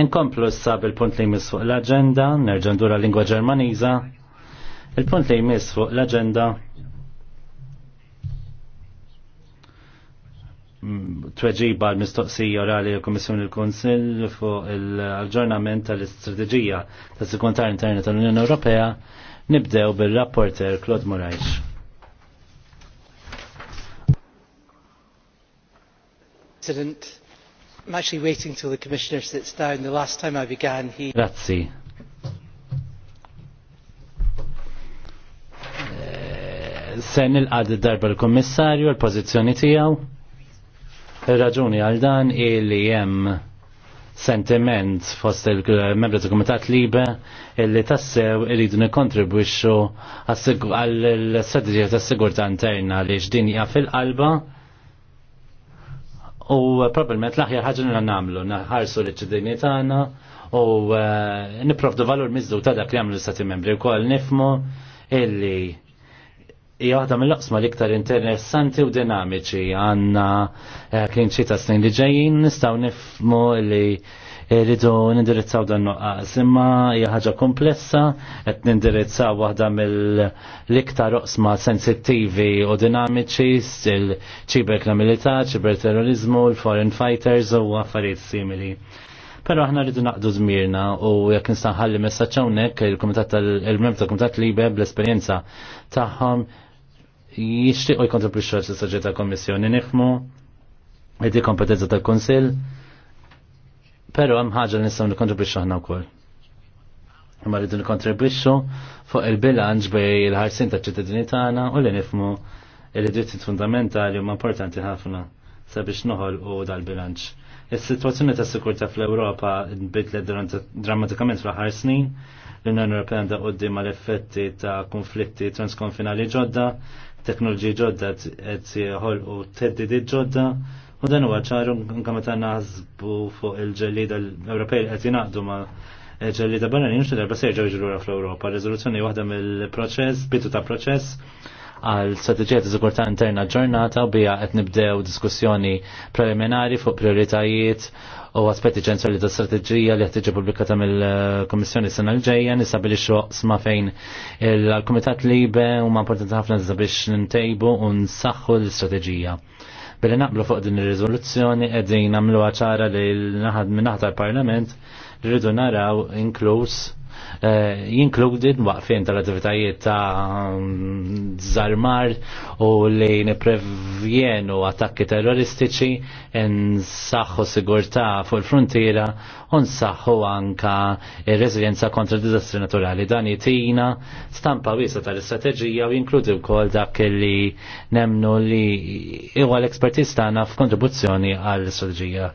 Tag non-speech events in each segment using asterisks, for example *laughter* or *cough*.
Inkomplu s-sab il-punt li jmiss fuq l-agenda, nerġan dura lingwa ġermaniza. Il-punt li jmiss fuq l-agenda mm, tweġiba l-mistoqsija orali l-Komissjoni l-Konsil fuq l-aġġornament tal-istrateġija tas sikuntar interna tal-Unjoni Ewropea nibdew bil-rapporter Claude Moraes. President, I'm actually waiting till the Commissioner sits down. The last time I began, he... Grazie. Eh, se nilqad darba l-Kommissarju l-pożizzjoni tiegħu. Ir-raġuni għal dan illi hemm sentiment fost il-membri ta' Kumitat Libe illi tassew iridu nikkontribwixxu għall-strateġija tas-sigurtà interna li x'din hija fil-qalba U eh, probablement l-aħjar ħagġa nuna namlu, naħarsu li ċittadini tagħna u eh, nipprovdu valur mizdu ta' dak li għamlu l-Stati membri wkoll nifmu illi hija waħda mill-oqsma l-iktar interessanti u dinamiċi għandna eh, klinċi ta' snin li ġejjin nistgħu nifmu illi Rridu nindirizzaw dan nuqqas, imma hija ħaġa komplessa qed nindirizzaw waħda mill-iktar oqsma sensittivi u dinamiċi il-ċiberkriminalità, ċiberterrorizmu, l-foreign fighters u affarijiet simili. Pero aħna rridu naqdu żmirna u jekk nistaħalli messaġġ hawnhekk il-kumitat tal mem tal-kumitat libe bl-esperjenza tagħhom jixtiequ jkontribwixxu għal soċjetà kommissjoni nifmu id kompetenza tal-Kunsill Pero hemm ħaġa li nistgħu nikkontribwixxu aħna wkoll. Imma rridu nikkontribwixxu fuq il-bilanċ bej il-ħarsin taċ-ċittadini tagħna u li nifmu il dritti fundamentali huma importanti ħafna sabiex noħolqu dal-bilanċ. Is-sitwazzjoni ta' sikurtà fl-Ewropa nbidlet drammatikament fl-aħħar snin. L-Unjoni Ewropea għandha quddiem mal effetti ta' konflitti transkonfinali ġodda, teknoloġiji ġodda qed jħolqu teddidi ġodda, U dan huwa ċaru anke meta naħsbu fuq il-ġellida l-Ewropej qed jingħaqdu ma' ġellida barranin xi darba se jerġgħu jiġru fl-Ewropa. Riżoluzzjoni waħda mill-proċess, bitu ta' proċess għal strateġija ta' sigurtà interna ġurnata u bija qed nibdew diskussjoni preliminari fuq prioritajiet u aspetti ġenzali ta' strateġija li ħtiġi pubblikata mill s sena l-ġejja nistabilixxu sma fejn il kumitat Libe huma importanti ħafna biex ntejbu u nsaħħu l-istrateġija. Billi naqblu fuq din ir-riżoluzzjoni qegħdin nagħmluha ċara li l-naħad naħa tal parlament rridu naraw inkluż jinkludi eh, waqfien tal-attivitajiet ta' mm, zarmar u li neprevjenu attakki terroristiċi nsaħħu sigurtà fuq il-frontiera u nsaħħu anka ir-reżiljenza kontra d-diżastri naturali. Dan jitina stampa wiesa tal-istrateġija u jinkludi wkoll dak li nemnu li huwa l-ekspertiz tagħna f'kontribuzzjoni għall-istrateġija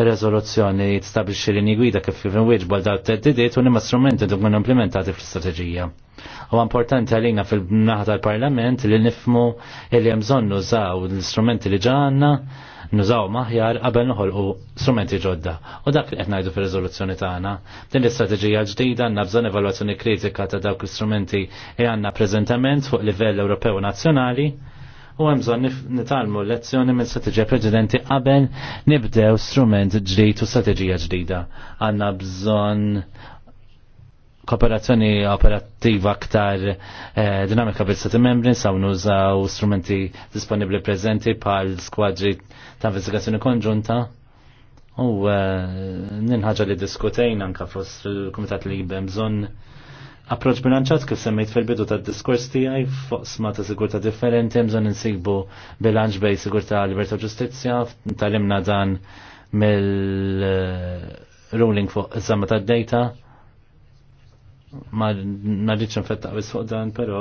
ir-rezoluzzjoni tstabilxi linji gwida kif jinwieġbu għal dawk teddidiet u liema strumenti dubun implementati fl-istrateġija. U importanti għalina fil-naħa tal-Parlament li nifmu li jemżon bżonn nużaw l-istrumenti li ġanna nużaw maħjar qabel noħolqu strumenti ġodda. U dak li qed ngħidu fir-riżoluzzjoni tagħna. Din l-istrateġija ġdida għandna bżonn evalwazzjoni kritika ta' dawk l-istrumenti li għandna preżentament fuq livell Ewropew nazzjonali u hemm bżonn nitalmu lezzjoni minn strategija preġidenti qabel nibdew strument ġdid u strateġija ġdida. Għanna bżonn kooperazzjoni operattiva aktar eh, dinamika bil sati membri saw nużaw strumenti disponibli preżenti pal skwadri ta' investigazzjoni konġunta u eh, li diskutejn anka fost il-Kumitat li bżonn Approċ bilanċat kif semmejt fil-bidu tad diskors tiegħi fuq sma ta' sigurtà differenti bżonn insibu bilanċ bej sigurtà libertà ġustizzja, talimna dan mill-ruling fuq iż-żamma tad-data. Ma nadiċ nfettaq bis fuq dan, però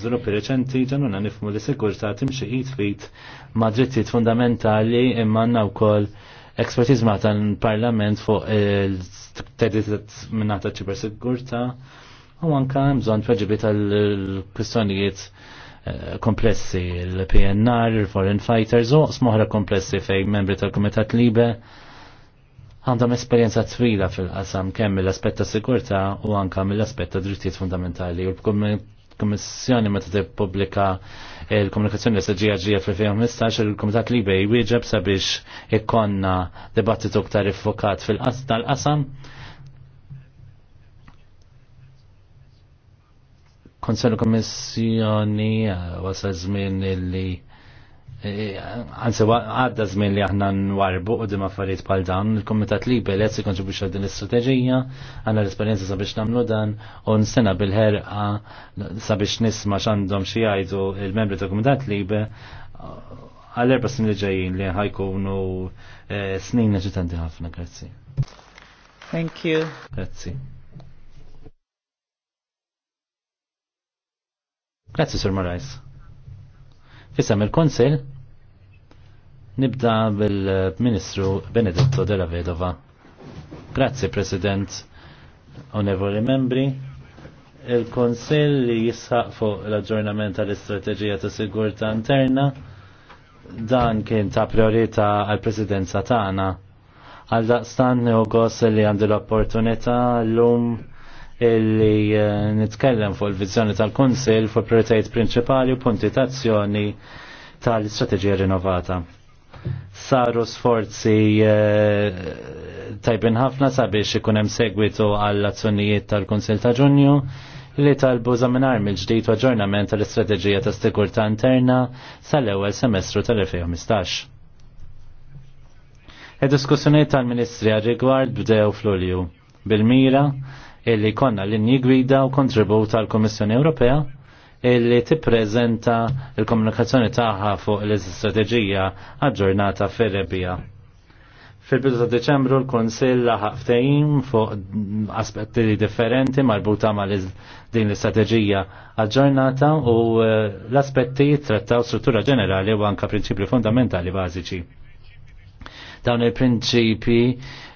żviluppi reċenti ġanuna nifmu li sigurtà timxi fit ma' drittijiet fundamentali imma għandna wkoll ekspertiżma tal-parlament fuq il tedit minnata ċibersigurta. sigurtà u anka mżon tweġibi tal-kwistjonijiet eh, komplessi l-PNR, il-Foreign Fighters u smohra komplessi fej membri tal-Komitat Libe għandhom esperjenza twila fil-qasam kemm mill-aspett ta' sigurtà u anka mill-aspett ta' drittijiet fundamentali u l-Kummissjoni meta tippubblika il-komunikazzjoni s ġie fil-2015 il-Komitat Libe jwieġeb sabiex ikkonna debattitu aktar iffokat fil-qasam Konsell Kommissjoni eh, wasal żmien li Għanse, eh, għadda zmin li aħna nwarbu u dim affarijiet bħal dan, il-Komitat Libe li si kontribuċa din l-istrateġija, għanna l-esperienza sabiex namlu dan, u nsena bil herqa sabiex nisma xandom xie għajdu il-membri ta' Komitat Libe għall-erba snin li ġejjin li ħajkunu eh, snin neċitanti ħafna, grazzi. Thank you. Grazzi. Grazzi, Sir Morais. Fissam il-Konsil, nibda bil-Ministru Benedetto della Vedova. Grazzi, President, onorevoli membri, il-Konsil li jisħaq fuq l-aġġornament tal-istrateġija ta' sigurta interna, dan kien ta' priorita għal-Presidenza tagħna. Għal daqstan u li għandu l-opportunità l-lum illi eh, nitkellem fuq il-vizzjoni tal-Kunsil fuq prioritajiet prinċipali u punti tazzjoni tal-istrateġija rinnovata. Saru sforzi eh, tajbin ħafna sabiex ikun hemm segwitu għall-azzjonijiet tal-Kunsil ta' Ġunju li talbu żaminar mill-ġdid u aġġornament tal-istrateġija ta' sigurtà interna sal-ewwel semestru tal-2015. Id-diskussjonijiet tal-Ministri għal rigward bdew fl-Ulju bil-mira illi konna l-inni gwida u kontribut tal-Komissjoni Ewropea illi tippreżenta il-komunikazzjoni tagħha fuq l-istrateġija aġġornata fil rebija Fil-bidu ta' Deċembru l konsil laħaq ftehim fuq aspetti differenti marbuta ma' din l-istrateġija aġġornata u eh, l-aspetti trattaw struttura ġenerali u anka prinċipli fundamentali bażiċi. Dawn il-prinċipi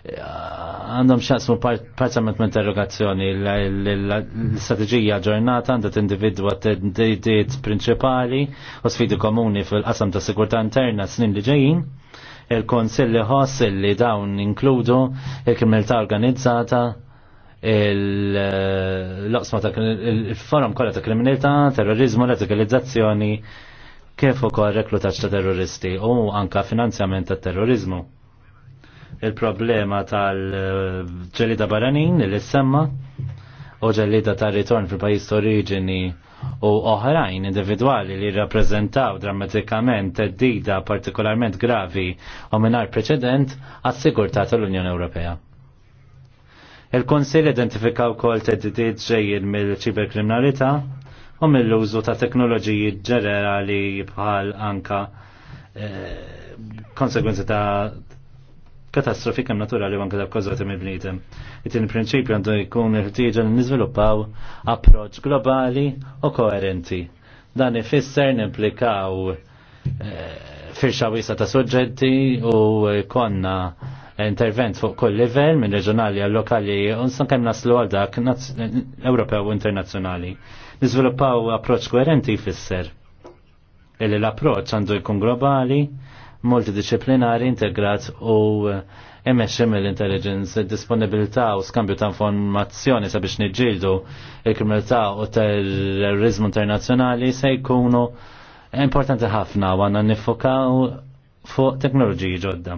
għandhom xaqsmu parzament minn interrogazzjoni l-strategija ġornata għandha t-individwa t-individiet prinċipali u sfidi komuni fil-qasam ta' sigurtà interna snin li ġejjin il-konsilli ħoss li dawn inkludu il-kriminalità organizzata il-loqsma ta' il-forum kollha ta' kriminalità, terrorizmu, radikalizzazzjoni, kif ukoll reklutaġġ ta' terroristi u anka finanzjament ta' terrorizmu il-problema tal-ġelida baranin li semma u ġellida tal ritorn fil pajis oriġini u oħrajn individuali li rappresentaw drammatikament teddida partikolarment gravi u minar preċedent għas-sigurtà tal-Unjoni Ewropea. Il-Konsil identifikaw kol teddidiet ġejjin mill-ċiberkriminalità u mill-użu ta' teknoloġiji ġenerali bħal anka eh, konsekwenzi ta' katastrofi kem naturali għan anke kozat imi bnidem. Itin il prinċipju għandu jkun il-ħtieġa li niżviluppaw approċċ globali u koerenti. Dan ifisser nimplikaw eh, firxa wisa ta' suġġetti u konna intervent fuq kull livell minn reġjonali għal lokali u nsan kemm naslu għal dak Ewropew u internazzjonali. Niżviluppaw approċċ koerenti jfisser. Illi l-approċċ għandu jkun globali multidisciplinari integrat u eh, MSM l-intelligence, disponibilità u skambju ta' informazzjoni sabiex niġġieldu il-kriminalità u terrorizmu internazzjonali se jkunu importanti ħafna u għanna nifokaw fuq teknoloġiji ġodda.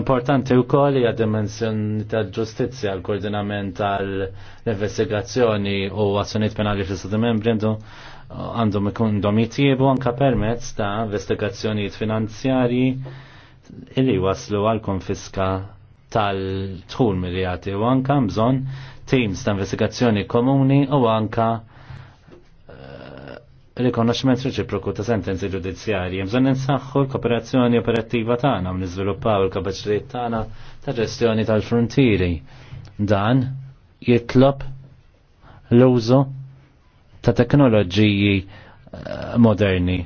Importanti u koll hija dimensjoni ta' ġustizzja l koordinament tal-investigazzjoni u azzjonijiet penali fl-Istati Membri għandhom ikun jitjiebu anka permezz ta' investigazzjonijiet finanzjarji illi waslu għal konfiska tal-tħul miljati u anka bżon teams ta' investigazzjoni komuni u anka eh, rikonoxment reċiproku ta' sentenzi ġudizzjarji. Mżon ninsaxħu l-kooperazzjoni operattiva tagħna u niżviluppaw il-kapaċitajiet tagħna ta' ġestjoni tal-frontieri. Dan jitlob l-użu ta' teknoloġiji eh, moderni.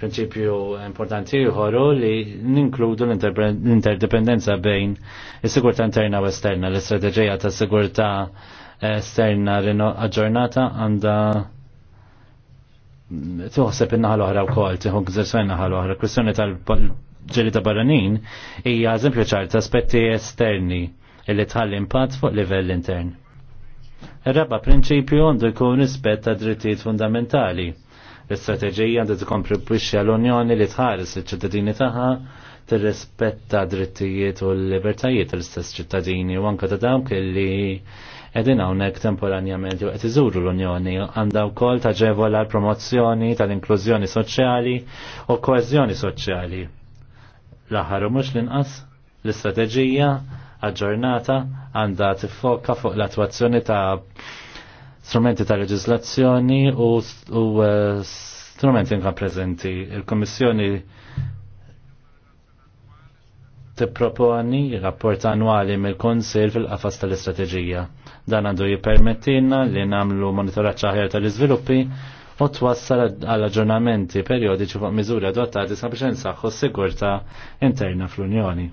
Prinċipju importanti jħorru li ninkludu l-interdependenza bejn is-sigurtà interna u esterna, l-istrateġija ta' sigurtà eh, esterna aġġornata għandha mm, tuħseb in-naħa l-oħra wkoll, tieħu gżir sejn naħa oħra tal-ġeli ta' barranin hija eżempju ċar ta' aspetti esterni illi tħalli impatt fuq livell intern. Ir-raba prinċipju għandu jkun rispett ta' drittijiet fundamentali. L-istrateġija għandu tkompribwixxi għall-Unjoni li tħares il-ċittadini tagħha tirrispetta drittijiet u l-libertajiet tal-istess ċittadini u anka ta' dawk li edin hawnhekk temporanjament jew qed iżuru l-Unjoni għandha wkoll taġevola l-promozzjoni tal-inklużjoni soċjali u koeżjoni soċjali. L-aħħar mhux l-inqas l-istrateġija aġġornata għandha tiffoka fuq l attuazzjoni ta' strumenti ta' leġislazzjoni u, u eh, strumenti nka preżenti. Il-Kommissjoni tipproponi rapport annwali mill-Konsil fil-qafas tal-istrateġija. Dan għandu jippermettilna li namlu monitorat ċaħjar tal-iżviluppi u twassal għal aġġornamenti periodiċi fuq miżuri adottati sabiex insaħħu s-sigurta interna fl-Unjoni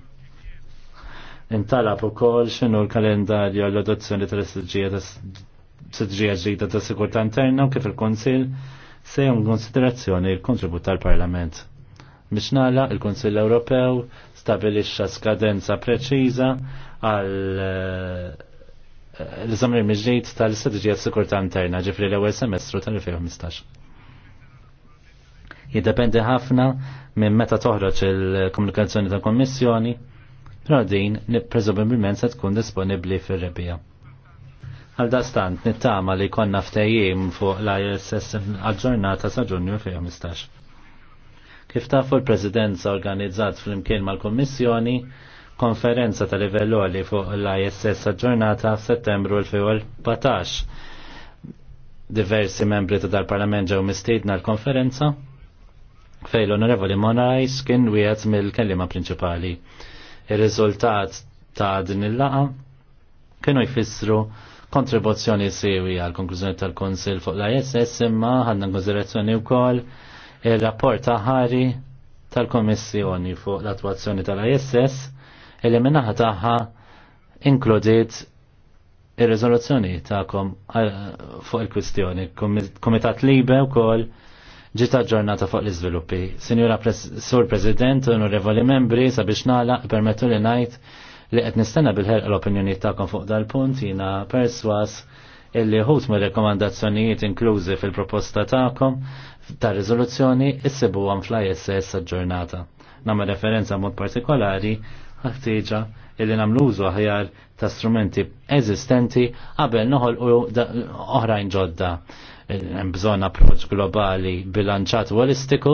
intalab ukoll x'inhu l-kalendarju għall-adozzjoni tal-istraġija strategija ġdida ta' sigurtà interna u kif il-Konsil sejhom konsiderazzjoni l-kontribut tal-Parlament. Biex nagħlaq il konsil Ewropew stabilixxa skadenza preċiża għal eh, l-eżamri miġdejt tal-istrategija sigurtà interna ġifri l-ewwel semestru tal-2015 jiddependi ħafna minn meta toħroġ il-komunikazzjoni tal kommissjoni però din preżumibilment se tkun disponibbli fir-rebija. Għal dastant nittama li konna ftejjim fuq l-ISS għal-ġurnata sa' ġunju 2015. Kif tafu l-Presidenza organizzat fl-imkien mal-Kommissjoni, konferenza ta' livello li fuq l-ISS ġurnata f'Settembru 2014. Diversi membri ta' dal-Parlament ġew mistiedna l-konferenza fejn l-Onorevoli Monajs kien wieħed mill-kellima prinċipali. Ir-riżultat ta' din il-laqa kienu jfissru kontribuzzjoni sewi għal konklużjoni tal-Konsil fuq l-ISS imma għandna konsiderazzjoni wkoll ir-rapport ħari tal-Komissjoni fuq l attuazzjoni tal-ISS illi minnaħa taħħa inkludiet ir-rezoluzzjoni ta'kom eh, fuq il-kwistjoni. Komitat Libe u kol ġita ġornata fuq l-izviluppi. Sinjura Sur President, onorevoli membri, sabiex nala, permettu li ngħid li qed nistenna bil l-opinjoni tagħkom fuq dal-punt jiena perswas illi ħut me rekomandazzjonijiet inklużi fil-proposta tagħkom ta' riżoluzzjoni issibu għan fl-ISS ġurnata. Namma referenza mod partikolari ħattiġa illi namlu użu aħjar ta' strumenti eżistenti qabel noħol u oħrajn ġodda hemm bżonn approċċ globali bilanċat holistiku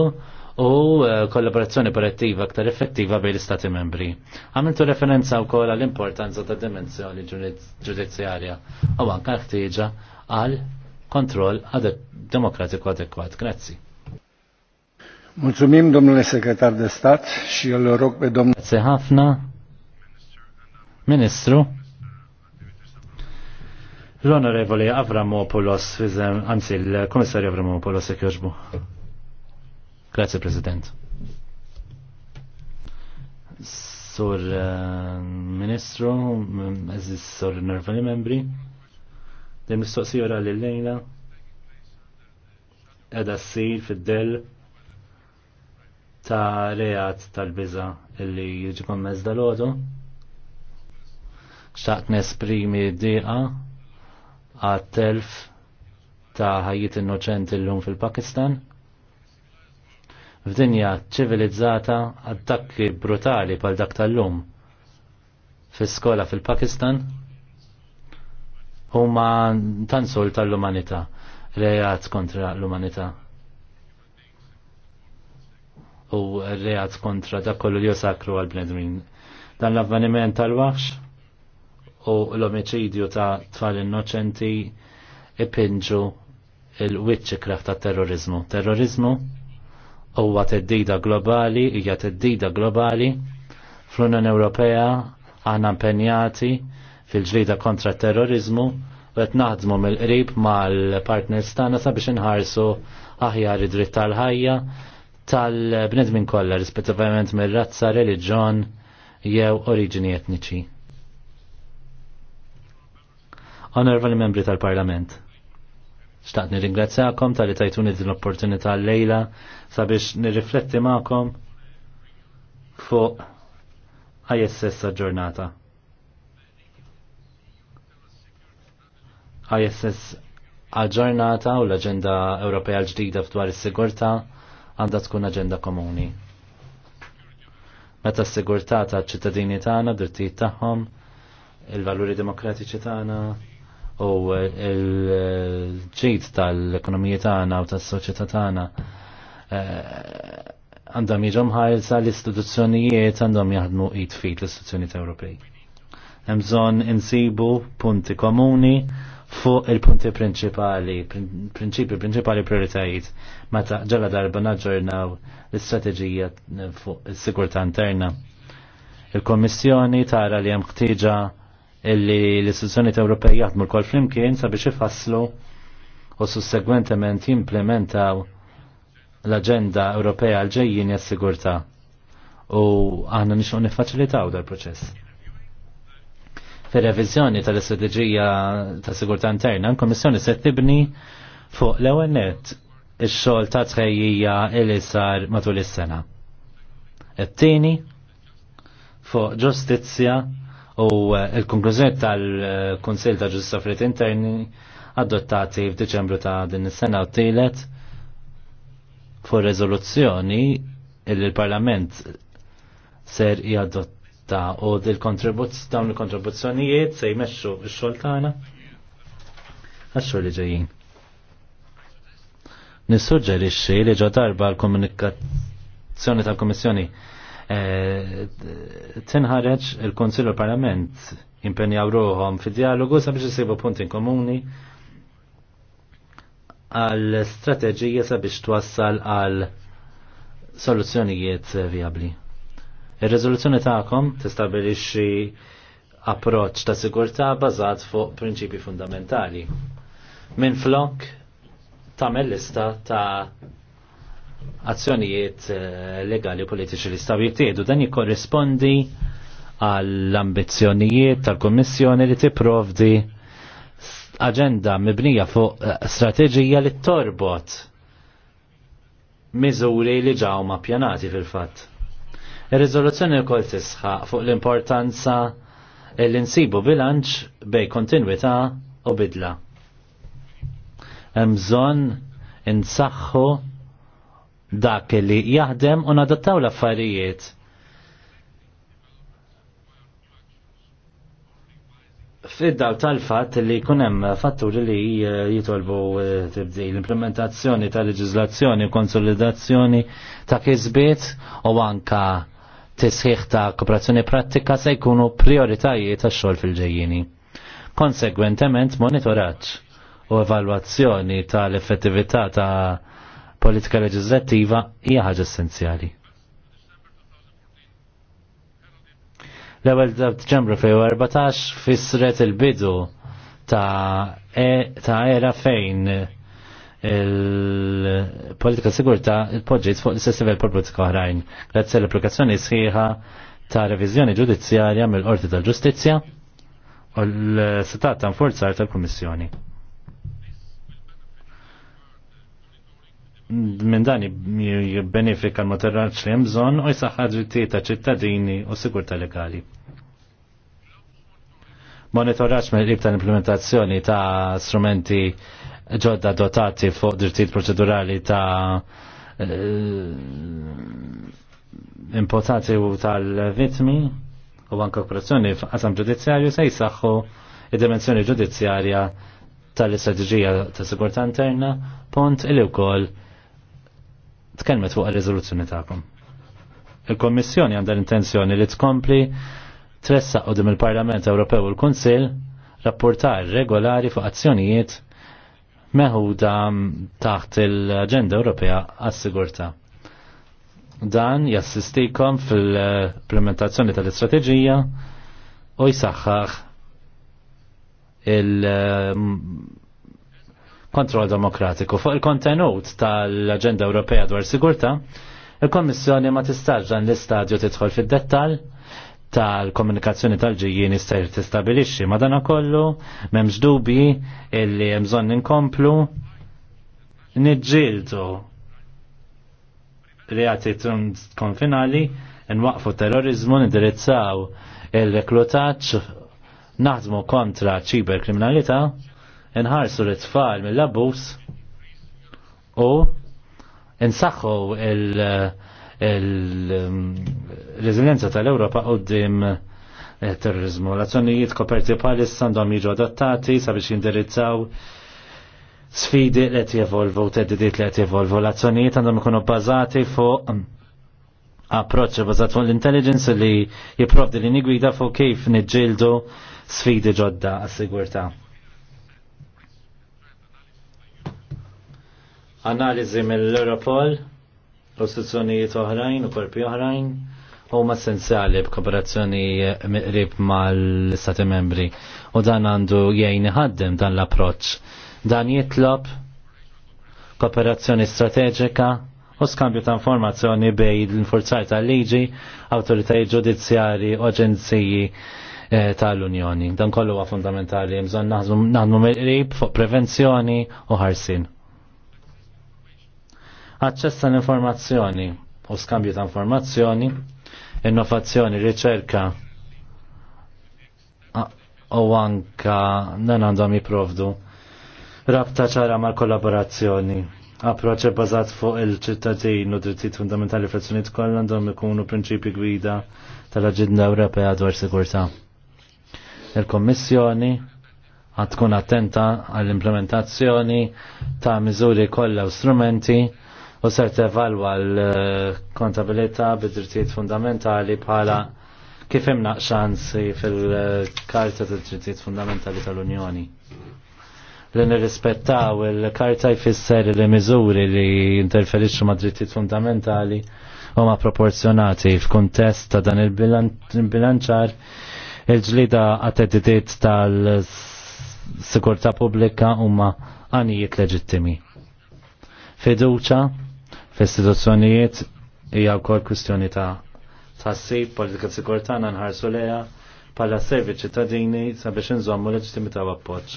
u eh, kollaborazzjoni operattiva aktar effettiva bejn l-Istati membri. Għamiltu referenza wkoll għall-importanza ta' dimensjoni ġudizzjarja u anke ħtieġa għal kontroll demokratiku adekwat. Grazzi. Mulțumim, domnule segretar de stat, xie l-Europe, pe Grazie, Hafna. Ministru. L-Onorevoli Avramopoulos, anzi l-Komissarju Avramopoulos jek joġbu. Grazie, President. Sur eh, Ministru, eżis sur nervali membri, Dem mistoqsija jura li lejla edha s-sir fid-del ta' reat tal-biza illi jġi kommez dal-ħodu. Xtaqt nesprimi d-diqa għat-telf ta' ħajjiet innoċenti l-lum fil-Pakistan. F'dinja ċivilizzata attakki brutali pal dak tal-lum fis-skola fil-Pakistan huma tansul tal-umanità, rejat kontra l-umanità. U rejat kontra dak kollu li jusakru għal-bnedmin. Dan l-avveniment tal-waħx u l-omicidju ta' tfal innoċenti ipinġu il-witchcraft ta' terrorizmu. Terrorizmu huwa teddida globali, hija teddida globali fl-Unjoni Ewropea għana impenjati fil-ġlida kontra terrorizmu u qed naħdmu mill-qrib mal-partners tagħna sabiex inħarsu aħjar id-dritt tal-ħajja tal-bnedmin kollha rispettivament mir-razza, reliġjon jew oriġini etniċi. Honorable membri tal-Parlament, xtaqt nirringrazzjakom tal-li tajtuni din l-opportunità l-lejla sabiex nirrifletti ma'kom fuq ISS ġurnata. ISS ġurnata u l-Aġenda Ewropea l-ġdida f'dwar is-sigurtà għandha tkun aġenda komuni. Meta s-sigurtà ta' ċittadini tagħna, drittijiet tagħhom, il-valuri demokratiċi tagħna, u l-ġid tal-ekonomija tagħna u tas-soċjetà tagħna eh, għandhom jiġu ħajsa l-istituzzjonijiet għandhom jaħdmu id fit l-istituzzjonijiet Ewropej. Hemm bżonn insibu punti komuni fuq il-punti prinċipali, prinċipi prinċipali prioritajiet meta ġala darba naġġornaw l-istrateġija fuq is-sigurtà interna. Il-Kommissjoni tara li hemm ħtieġa illi l-istituzzjoni Ewropej jaħdmu l-kol flimkien sabiex ifasslu u sussegwentement jimplementaw l-Aġenda Ewropea għal-ġejjin jas-sigurtà u aħna nixu niffaċilitaw dal proċess Fir-reviżjoni tal-istrateġija ta' sigurtà interna, l kummissjoni se tibni fuq l-ewwel nett ix-xogħol ta' tħejjija li sar matul is-sena. It-tieni fuq ġustizzja u eh, il-konklużjoni tal-Kunsil ta' Ġustizja Frit Interni adottati f'Diċembru ta' din is-sena u tielet fuq riżoluzzjoni li l-Parlament ser jadotta u dawn il-kontribuzzjonijiet se jmexxu x-xogħol tagħna għax-xogħol li ġejjin. Nissuġġerixxi li ġo darba l-komunikazzjoni tal-Kummissjoni Eh, tinħareġ il-Konsil u Parlament impenjaw ruħom fi dialogu sabiex jisibu punti komuni għal strateġija sabiex twassal għal soluzzjonijiet viabli. Ir-riżoluzzjoni tagħkom tistabilixxi approċċ ta' sigurtà bazat fuq prinċipji fundamentali. Min flok tagħmel lista ta' azzjonijiet eh, legali u politiċi li staw jittiedu dan jikorrespondi għall-ambizzjonijiet tal-Kommissjoni li tipprovdi aġenda mibnija fuq eh, strateġija li torbot miżuri li ġaw mappjanati fil-fatt. Ir-riżoluzzjoni wkoll tisħa fuq l-importanza li nsibu bilanċ bej kontinwità u bidla. Hemm bżonn insaħħu dak li jaħdem u nadattaw l-affarijiet. Fiddaw tal-fat li kunem fatturi li jitolbu eh, tibdi l-implementazzjoni ta' leġizlazzjoni u konsolidazzjoni ta' kizbiet u anka tisħiħ ta' kooperazzjoni pratika se jkunu prioritajiet ta' xogħol fil-ġejjini. Konsegwentement monitoraċ u evalwazzjoni tal-effettività ta' politika leġislattiva hija ħaġa essenzjali. L-ewwel Deċembru fejn 14 fisret il-bidu ta' e, ta' era fejn il-politika sigurta il-poġġiet fuq l-istess livell politika oħrajn. Grazzi l-applikazzjoni sħiħa ta' reviżjoni ġudizzjarja mill-Qorti tal-Ġustizzja u l-setat ta' nforzar tal-Kummissjoni. minn dan jibbenefika l-materjal li hemm bżonn u jsaħħa drittijiet ta' ċittadini u sigurtà legali. Monitoraġġ mill-qrib l implementazzjoni ta' strumenti ġodda dotati fuq drittijiet proċedurali ta' eh, impotati u tal-vitmi u anke operazzjoni f'qasam ġudizzjarju se jsaħħu id-dimensjoni ġudizzjarja tal istrategija ta' sigurtà interna pont il-wkoll tkellmet fuq ir-riżoluzzjoni tagħkom. Il-Kommissjoni għandha l-intenzjoni li tkompli tressaq qudiem il-Parlament Ewropew u l-Kunsill rapportar regolari fuq azzjonijiet meħuda taħt il-Aġenda Ewropea għas-Sigurtà. Dan jassistikom fil-implementazzjoni tal-istrateġija u jsaħħaħ il- kontrol demokratiku. Fuq il-kontenut tal-Aġenda Ewropea dwar sigurta, il-Kommissjoni ma tistax dan l-istadju tidħol fid-dettal tal-komunikazzjoni tal ġijin jistajr tistabilixxi ma dan kollu m'hemmx dubi illi hemm bżonn inkomplu niġġieldu reati konfinali nwaqfu terrorizmu nindirizzaw il-reklutaċ naħdmu kontra ċiberkriminalità kriminalità nħarsu l-tfal mill abbus u insaħħu il-reżiljenza tal-Ewropa qoddim terrorizmu. L-azzjonijiet koperti palis għandhom jiġu adattati sabiex jindirizzaw sfidi li qed jevolvu u teddidiet li qed jevolvu. L-azzjonijiet għandhom ikunu bbażati fuq approċċ bażat fuq l-intelligence li jipprovdi li nigwida fuq kif niġġieldu sfidi ġodda għas-sigurtà. analiżi mill-Europol u sezzjonijiet oħrajn u korpi oħrajn huma essenzjali b'kooperazzjoni miqrib mal-Stati membri u dan għandu jgħin ħaddem dan l-approċċ. Dan jitlob kooperazzjoni strateġika u skambju ta' informazzjoni bej l-infurzar tal-liġi, autoritajiet ġudizzjari u aġenziji eh, tal-Unjoni. Dan kollu huwa fundamentali, mżon naħdmu mill-qrib fuq prevenzjoni u ħarsin aċċess tal-informazzjoni u skambju ta' informazzjoni, innovazzjoni, riċerka u anka dan għandhom jiprovdu rabta ċara mal kollaborazzjoni approċċ bazat fuq il-ċittadin u drittijiet fundamentali frazzjoniet kollha għandhom ikunu prinċipi gwida tal-Aġenda Ewropea dwar sigurtà. Il-Kommissjoni għad tkun attenta għall-implementazzjoni ta' miżuri kollha u strumenti u ser tevalwa l-kontabilità bid-drittijiet fundamentali bħala kif hemm naqxansi fil-Karta tad-Drittijiet Fundamentali tal-Unjoni. Li nirrispettaw il-Karta jfisser li miżuri li jinterferixxu ma' drittijiet fundamentali huma proporzjonati f'kuntest ta' dan il-bilanċar il-ġlida għat-teddidiet tal-sikurta pubblika huma għanijiet leġittimi. Fiduċa fl-istituzzjonijiet hija wkoll kwistjoni ta' tassib politika sikurtana nħarsu leja pala servi ċittadini sabiex nżommu leġitimità u appoġġ.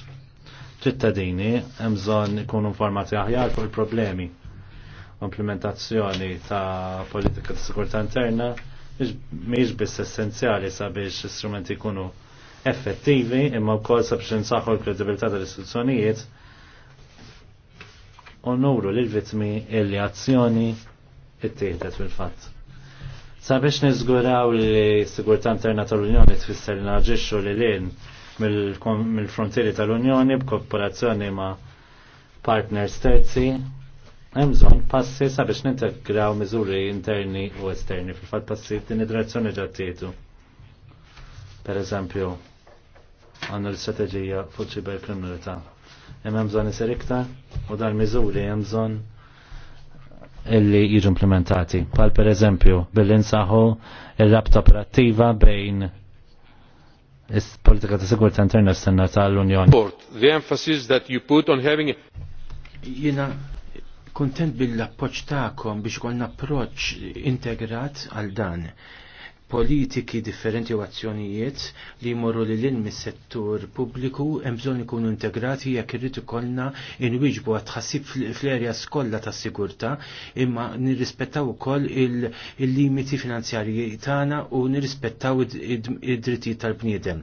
ċittadini hemm bżonn ikunu informati aħjar fuq il-problemi implementazzjoni ta' politika ta' sikurtà interna mhijiex biss essenzjali sabiex istrumenti jkunu effettivi imma wkoll sabiex insaħħu l-kredibilità tal-istituzzjonijiet onuru l-vitmi illi azzjoni it-tieħdet fil-fatt. Sabiex nizguraw li sigurtà interna tal-Unjoni tfisser li naġixxu li mill-frontieri tal-Unjoni b'kooperazzjoni ma' partners terzi, hemm bżonn passi sabiex nintegraw miżuri interni u esterni fil-fatt passi din id-direzzjoni ġattietu. Per eżempju, għandu l-strateġija fuq ċiberkriminalità hemm hemm bżonn iktar u dar miżuri hemm bżonn illi jiġu implementati. Pal per eżempju, billin saħu il-rabta operattiva bejn politika ta' sigurta interna s tal-Unjoni. The emphasis that you put on having jina kontent bil-appoċ ta'kom biex kon approċ integrat għal dan politiki differenti u azzjonijiet li jmorru li l-ilmi settur pubbliku hemm bżonn ikunu integrati jekk irrid ikollna inwiġbu għat tħassib fl-erjas kollha tas-sigurtà imma nirrispettaw ukoll il-limiti finanzjarji tagħna u nirrispettaw id-drittijiet tal-bniedem.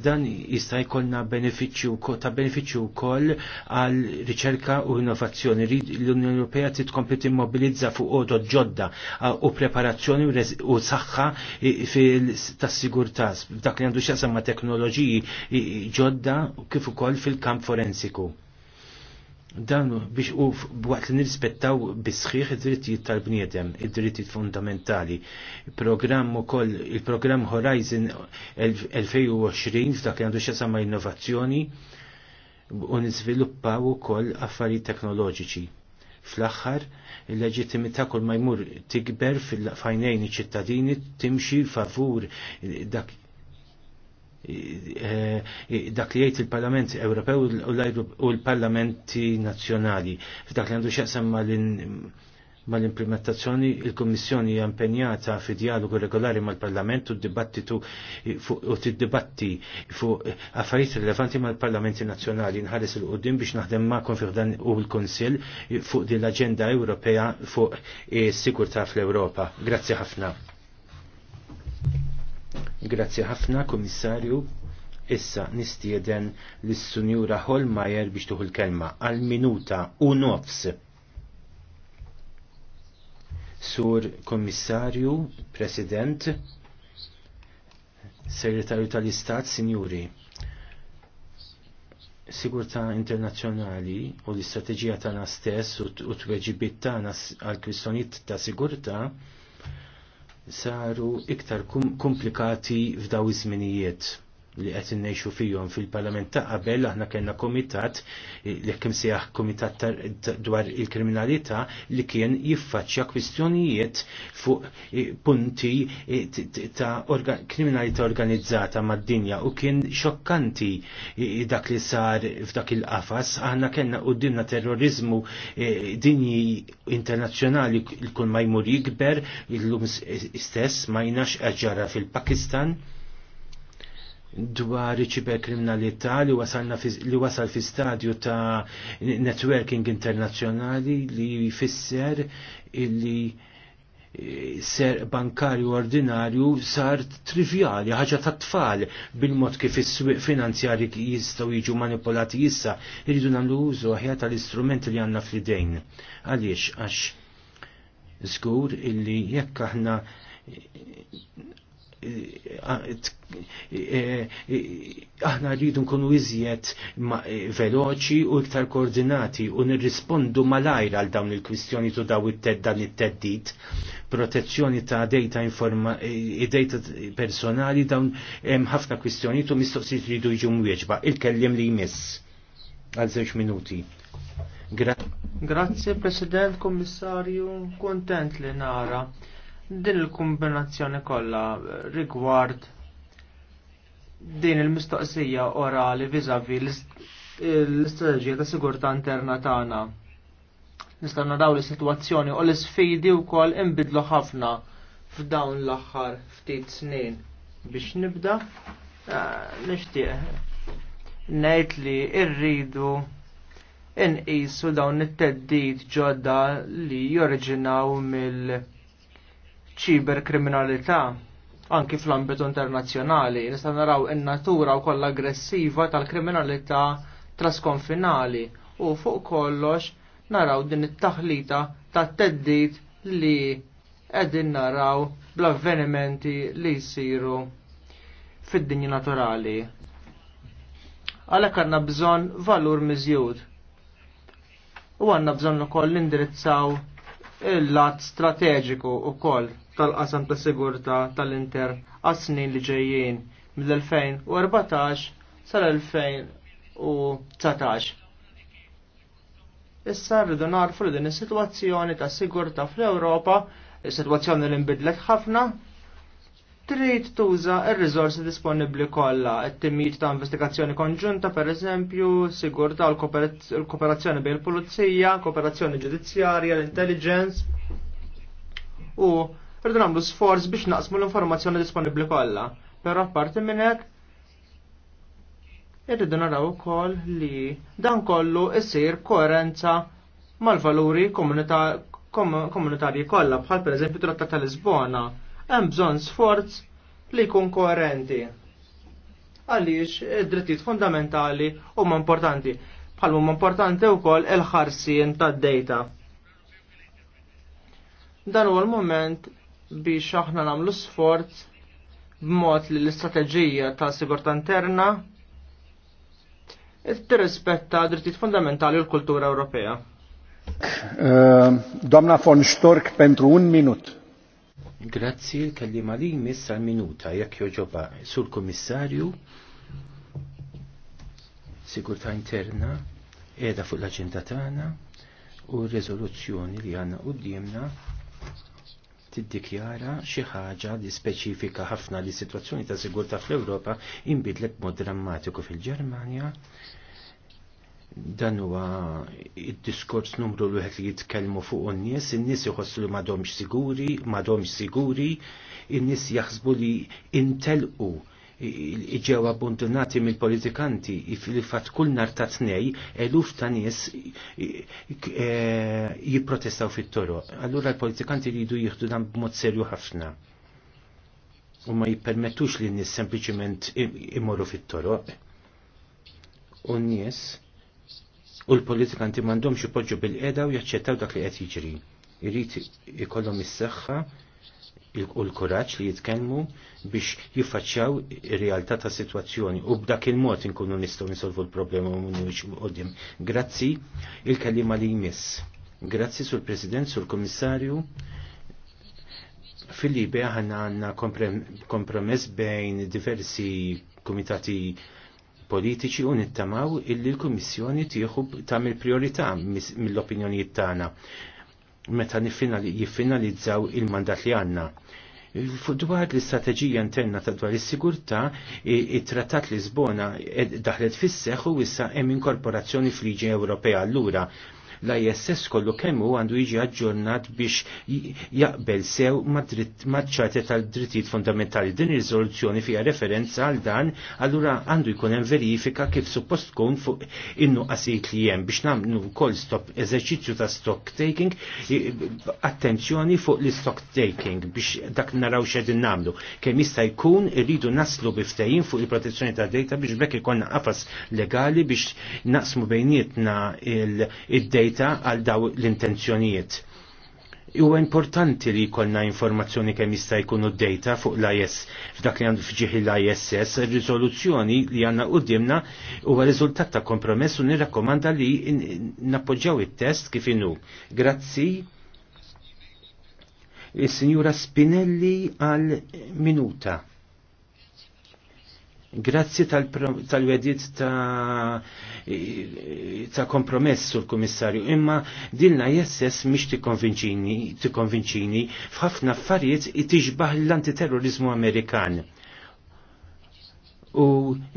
Dan jista' jkollna benefiċċju ta' benefiċċju wkoll għal riċerka u innovazzjoni. L-Unjoni Ewropea titkompli timmobilizza fuq għodod ġodda u preparazzjoni u saħħa tas-sigurtà dak li għandu x'jasam ma' teknoloġiji ġodda kif ukoll fil-kamp forensiku dan biex u b'waqt li nirrispettaw bisħiħ id-drittijiet tal-bniedem, id-drittijiet fundamentali. Programm ukoll il-programm Horizon 2020 f'dak li għandu x'jasama innovazzjoni u niżviluppaw ukoll affarijiet teknoloġiċi. Fl-aħħar, il-leġittimità kull ma jmur tikber fil-fajnejn iċ-ċittadini timxi favur dak Eh, eh, dak li jgħid il-Parlament Ewropew u l-Parlamenti Nazzjonali. F'dak li għandu x'jaqsam mal-implementazzjoni il-Kommissjoni hija impenjata fi dialogu regolari mal-Parlament u dibattitu u tiddibatti fuq affarijiet rilevanti mal-Parlamenti Nazzjonali nħares il qudiem biex naħdem ma' fi dan u l-Kunsill fuq din l-Aġenda Ewropea fuq is-sigurtà fl-Ewropa. Grazzi ħafna. Grazzi ħafna, Komissarju. Issa nistieden l-Sunjura Holmajer biex tuħu l-kelma għal minuta u nofs. Sur Komissarju, President, Segretarju tal-Istat, Sinjuri sigurta internazzjonali u l-istrateġija tagħna stess u t-tweġibit tagħna għal kwistjonijiet ta' sigurta saru iktar komplikati f'daw iż-żminijiet li qed innejxu fihom fil-Parlament ta' qabel aħna kellna komitat eh, li kemm siħ komitat dwar il-kriminalità li kien jiffaċċja kwistjonijiet fuq eh, punti eh, ta' kriminalità organizzata mad-dinja u kien xokkanti dak li sar f'dak il-qafas aħna kellna dinna terrorizmu dinji internazzjonali l-kun ma jmur jikber illum stess ma jinax ġara fil-Pakistan dwar kriminalità li wasalna li wasal fi stadju ta' networking internazzjonali li jfisser illi e, ser bankarju ordinarju sar trivjali, ħaġa ta' tfal bil-mod kif is-swieq finanzjari jistgħu jiġu manipolati issa, jridu nagħmlu użu aħjar tal-istrumenti li għandna fl-idejn. Għaliex għax żgur illi jekk aħna aħna rridu nkunu iżjed veloċi u iktar koordinati u nirrispondu malajr għal dawn il-kwistjoni tu daw it dan it-teddit protezzjoni ta' data informa eh, data personali dawn hemm ħafna kwistjoni tu mistoqsijiet rridu jiġu mwieġba il-kellim li jmiss għal żewġ minuti. Grazie President, Kommissarju, kontent li nara din il-kombinazzjoni kollha rigward din il-mistoqsija orali viżavi l-istrateġija ta' sigurtà interna tagħna. Nistgħu naraw is sitwazzjoni u l-isfidi wkoll inbidlu ħafna f'dawn l-aħħar ftit snin. Biex nibda, eh, nixtieq ngħid li rridu inqisu dawn it-teddid ġodda li jorġinaw mill- ċiberkriminalità anki fl-ambitu internazzjonali. Nista' naraw in-natura wkoll aggressiva tal-kriminalità trasconfinali u fuq kollox naraw din it-taħlita ta' teddit li qegħdin naraw bl-avvenimenti li jsiru fid dinji naturali. Għalhekk għandna bżonn valur miżjud. U għandna bżonn ukoll nindirizzaw il-lat strateġiku u koll tal-qasam ta' sigurta tal-inter għas-snin li ġejjien mill-2014 sal-2019. Issa rridu narfu li din is-sitwazzjoni ta' sigurta fl-Ewropa, is-sitwazzjoni li nbidlet ħafna trid tuża r risorsi disponibbli kollha, it-timijiet ta' investigazzjoni konġunta pereżempju, sigurtà u l-kooperazzjoni bejn il-pulizija, kooperazzjoni ġudizzjarja, l-intelligence u rridu nagħmlu sforz biex naqsmu l-informazzjoni disponibbli kollha. Però apparti minn hekk irridu naraw ukoll li dan kollu isir koerenza mal-valuri komunitarji kollha bħal pereżempju trattat ta' Lisbona hemm bżonn sforz li jkun koerenti. Għaliex id-drittijiet fundamentali huma importanti bħal huma importanti wkoll il-ħarsien tad-dejta. Dan huwa l-moment biex aħna nagħmlu sforz b'mod li l-istrateġija ta' sigurta interna tirrispetta drittijiet fundamentali u l-kultura Ewropea. Eh, Domna von Stork pentru un minut. Grazzi l-kellima li jmiss għal-minuta jekk joġoba sur komissarju sigurta interna edha fuq l-aġenda tagħna u r-riżoluzzjoni li għandna qudiemna tiddikjara xi ħaġa li speċifika ħafna li situazzjoni ta' sigurtà fl-Ewropa inbidlet b'mod drammatiku fil-Ġermanja dan huwa id-diskors numru l li jitkellmu fuq in-nies, in-nies jħossu li m'għadhomx siguri, m'għadhomx siguri, in-nies jaħsbu li intelqu ġew abbandonati mill-politikanti li fatt kull nar ta' tnej eluf ta' nies e, jipprotestaw fit-toroq. Allura l-politikanti jridu jieħdu dan b'mod serju ħafna u ma jippermettux li n-nies sempliciment imorru fit-toroq. U n-nies u l-politikanti m'għandhomx ipoġġu bil-qeda u jaċċettaw dak li qed jiġri. Irrid ikollhom is-seħħa u l-kuraġġ li jitkellmu biex jiffaċċjaw ir-realtà ta' sitwazzjoni u b'dak il-mod inkunu nistgħu nisolvu l-problema mhux qudiem. Grazzi il-kelliema li jmiss. Grazzi sur President, sur Komissarju. Fil-Libja ħanna għanna kompromess bejn diversi komitati politiċi u nittamaw illi l-Kummissjoni tieħu tagħmel priorità mill-opinjonijiet tagħna meta jiffinalizzaw il-mandat li għandna. Dwar l-istrateġija interna ta' dwar is-sigurtà, it-Trattat Lisbona daħlet fis-seħħ u issa hemm inkorporazzjoni fl-liġi Ewropea allura l-ISS kollu kemmu għandu jiġi aġġornat biex jaqbel sew maċċati tal-drittijiet fundamentali. Din ir-riżoluzzjoni fija referenza għal dan, allura għandu jkun hemm verifika kif suppost tkun fuq in li hemm biex nagħmlu wkoll stop eżerċizzju ta' stock taking, attenzjoni fuq l-stock taking biex dak naraw x'edin nagħmlu. Kemm jista' jkun irridu naslu biftejjin fuq il-protezzjoni ta' data biex bekk ikonna qafas legali biex naqsmu bejnietna id-data possibilità għal daw l-intenzjonijiet. Huwa importanti li jkollna informazzjoni kemm jista' jkunu d-data fuq l-IS f'dak li għandu fġieħi l-ISS, ir-riżoluzzjoni li għandna qudiemna huwa riżultat ta' kompromess u nirrakkomanda li nappoġġjaw it-test kif inhu. Grazzi il e, sinjura Spinelli għal minuta. Grazzi tal-wedit ta', kompromess sul kummissarju imma dilna jessess miex tikkonvinċini, tikkonvinċini f'ħafna affarijiet tiġbaħ l-antiterrorizmu Amerikan u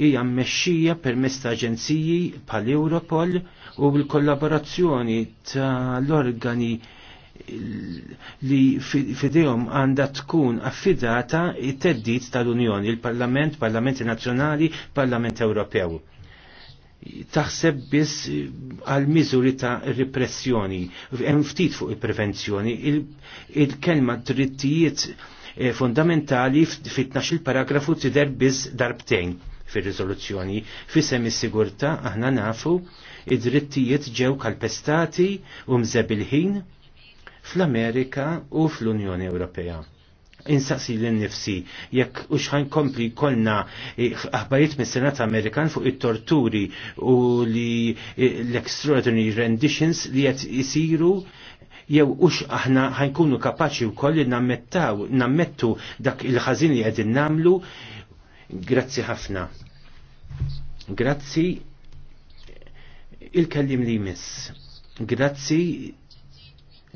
hija mmexxija permezz ta' aġenziji bħal Europol u l-kollaborazzjoni tal-organi li fidejhom għandha tkun affidata it-teddit tal-Unjoni, il-Parlament, Parlamenti Nazzjonali, Parlament Ewropew. Taħseb biss għal miżuri ta' repressjoni, hemm ftit fuq il-prevenzjoni, il-kelma drittijiet eh, fundamentali fit il paragrafu tidher biss darbtejn fil riżoluzzjoni Fisem is-sigurta aħna nafu id-drittijiet ġew kalpestati u mżeb il-ħin fl-Amerika u fl-Unjoni Ewropea insaqsi l-nifsi, jekk xħan kompli kolna eh, aħbarijiet mis senat Amerikan fuq it-torturi u li eh, l-extraordinary renditions li jett jisiru jew ux aħna ħajkunu kapaċi u koll nammettaw, nammettu dak il-ħazin li għedin namlu, grazzi ħafna. Grazzi il-kellim li jmiss. Grazzi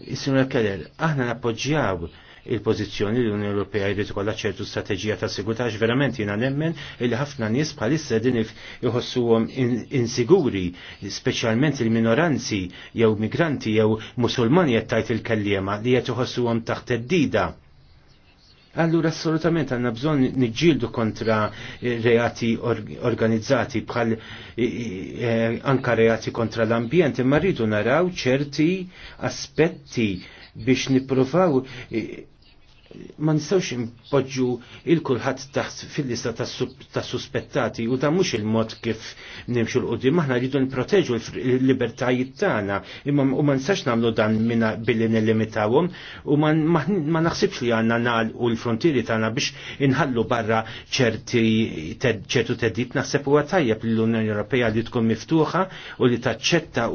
Is-Sinjora Keller, aħna nappoġġjaw il-pozizjoni l unjoni Ewropea jrid kollha ċertu strateġija ta' sigurtax verament jiena nemmen li ħafna nies bħalissa din iħossuhom insiguri, speċjalment il-minoranzi jew migranti jew musulmani qed tajt il-kellima li qed iħossuhom taħt id-dida. Allura assolutament għanna bżon nġildu kontra eh, reati organizzati bħal eh, eh, anka reati kontra l-ambjent, imma rridu naraw ċerti aspetti biex niprofaw ma nistawx impoġġu il-kulħadd taħt fil-lista ta' suspettati u ta' mhux il-mod kif nimxu l-qudiem aħna rridu nipproteġu l-libertajiet tagħna imma u ma nistax nagħmlu dan minna billi nillimitawhom u ma naħsibx li għandna nagħlqu l-frontieri tagħna biex inħallu barra ċerti ċertu teddit naħseb huwa tajjeb l-Unjoni Ewropea li tkun miftuħa u li taċċetta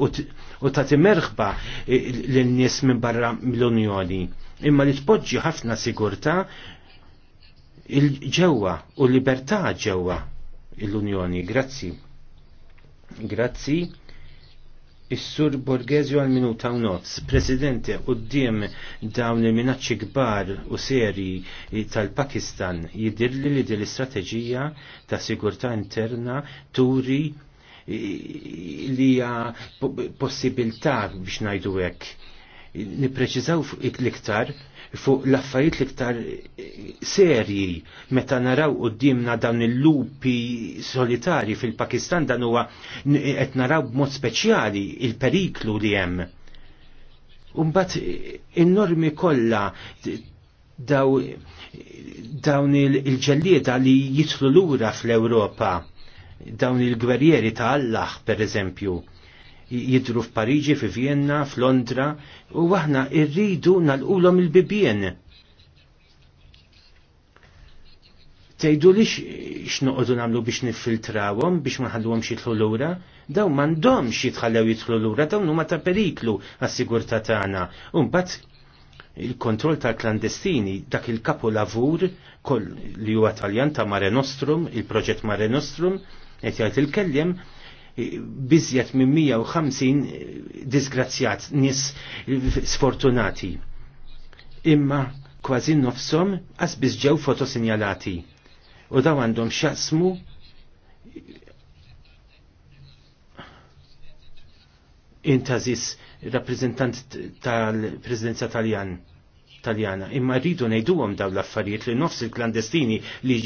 u ta' timerħba lin-nies minn barra mill-Unjoni imma li tpoġġi ħafna sigurtà il-ġewwa u libertà ġewwa l-Unjoni. Grazzi. Grazzi. Is-Sur Borgesio għal minuta u nofs, Presidente, u d-diem dawn il-minacċi kbar u seri tal-Pakistan jidirli li dil-istrateġija ta' sigurtà interna turi li hija possibilità biex ngħidu hekk nipreċizaw l-iktar fuq l-affarijiet l-iktar serji meta naraw dimna dawn il-lupi solitari fil-Pakistan dan huwa qed naraw b'mod speċjali il-periklu li hemm. Umbat in-normi kollha daw dawn il-ġellieda li jitlu lura fl-Ewropa dawn il-gwerrieri ta' Allah per eżempju jidru f'Pariġi, fi Vienna, f'Londra, u aħna irridu nal-ulom il-bibien. Tejdu li x'noqogħdu nagħmlu biex niffiltrawhom biex ma nħallhomx jidħlu lura, daw m'għandhomx jitħallew jidħlu lura, dawn huma ta' periklu għas-sigurtà tagħna. U mbagħad il-kontroll ta' klandestini dak il-kapu lavur li huwa Taljan ta' Mare Nostrum, il-proġett Mare Nostrum, qed jgħid il-kellem biżjed minn 150 eh, disgrazzjat nis eh, sfortunati. Imma kważi nofsom għasbis ġew fotosinjalati. U daw għandhom xaqsmu intazis rappresentant tal-prezidenza taljan taljana. Imma rridu għom daw l-affarijiet li nofs il-klandestini li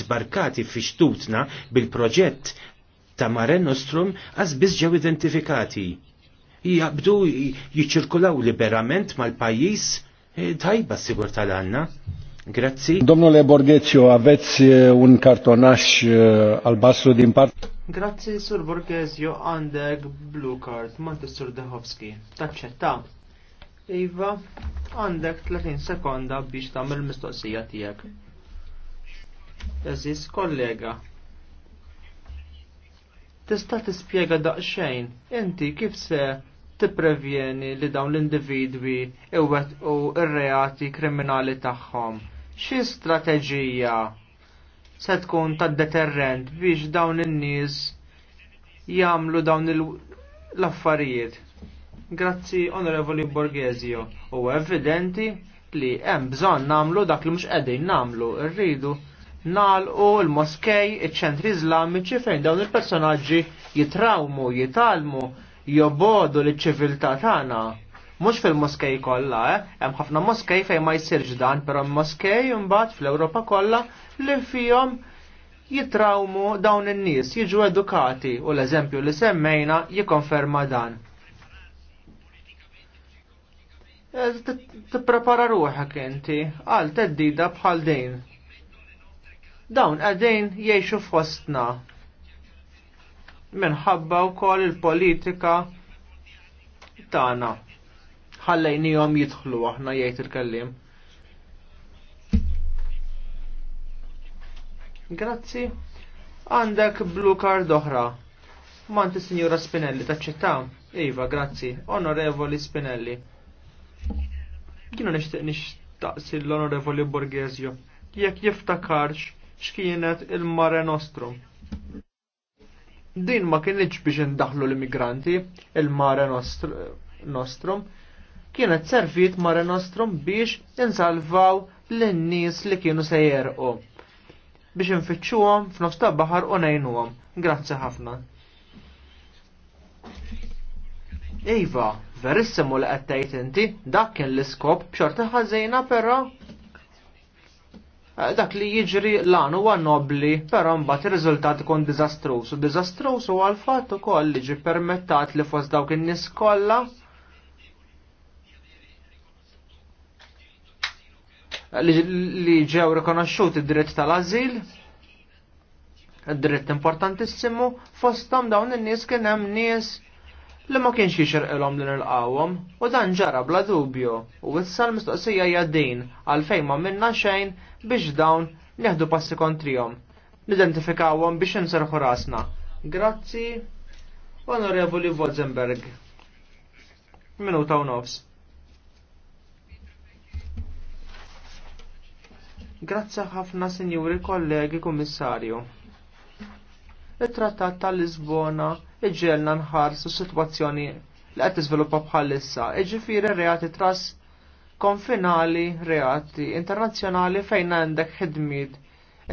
zbarkati fi xtutna bil-proġett ta' Mare Nostrum għazbiz ġew identifikati. Jabdu jiċirkulaw liberament mal-pajis e, tajba sigur tal-għanna. Grazzi. Domnule Borghezio, avvezz e, un kartonax għal-basso e, din part? Grazzi, sur Borghezio, għandeg blue card, manti sur Dehovski. Taċċetta. Iva, għandek 30 sekonda biex tamil mistoqsija tijek. Eżis kollega, tista' tispjega daqsxejn inti kif se tipprevjeni li dawn l-individwi u ir-reati kriminali tagħhom. Xi strateġija se tkun ta' deterrent biex dawn in-nies jagħmlu dawn l-affarijiet. Grazzi Onorevoli Borgesio. u evidenti li hemm bżonn nagħmlu dak li mhux qegħdin nagħmlu, rridu nalqu l-moskej, iċ-ċentri iżlamiċi fejn dawn il-personaġġi jitrawmu, jitalmu, jobodu l-ċiviltà tagħna. Mhux fil-moskej kollha, eh? Hemm ħafna moskej fejn ma jsirx dan, però moskej imbagħad fl-Ewropa kollha li fihom jitrawmu dawn in-nies, jiġu edukati u l-eżempju li semmejna jikkonferma dan. Tipprepara ruħek inti għal teddida bħal din dawn għadin jiexu fostna minħabba u kol il-politika tana jom jidħlu aħna jgħid il-kellim. Grazzi, għandek blu kard oħra. Manti Signora Spinelli taċċetta? Iva, grazzi, onorevoli Spinelli. Kienu nixtieq nixtaqsi l-onorevoli Borgesio. Jekk jiftakarx, x'kienet il-Mare Nostrum. Din ma kienx biex indaħlu l-immigranti, il-Mare Nostrum, kienet servit Mare Nostrum biex insalvaw l-nies li kienu se jerqu biex nfittxuhom f'nofs ta' baħar u ngħinuhom. Grazzi ħafna. Iva, verissimu li qed tgħid inti, dak kien l-iskop b'xorta ħażejna però Eh, dak li jiġri l-għanu huwa nobli, però mbagħad ir-riżultat ikun diżastruż. U diżastruż huwa l-fatt ukoll li ġi permettat li fost dawk in-nies kollha li ġew rikonoxxuti id-dritt tal-ażil, id-dritt importantissimu, fosthom dawn in-nies kien hemm nies li ma kienx ilom li nil-qawom, u dan ġara bla dubju u issa l-mistoqsija hija din għalfejn ma minna xejn biex dawn neħdu passi kontrihom. Nidentifikawhom biex nserħu rasna. Grazzi, Onorevoli Vozenberg. Minuta u nofs. Grazzi ħafna sinjuri kollegi kummissarju. Il-Trattat tal-Lisbona iġġelna nħarsu situazzjoni li qed tiżviluppa bħalissa, iġġifiri reati tras konfinali reati internazzjonali fejn għandek ħidmiet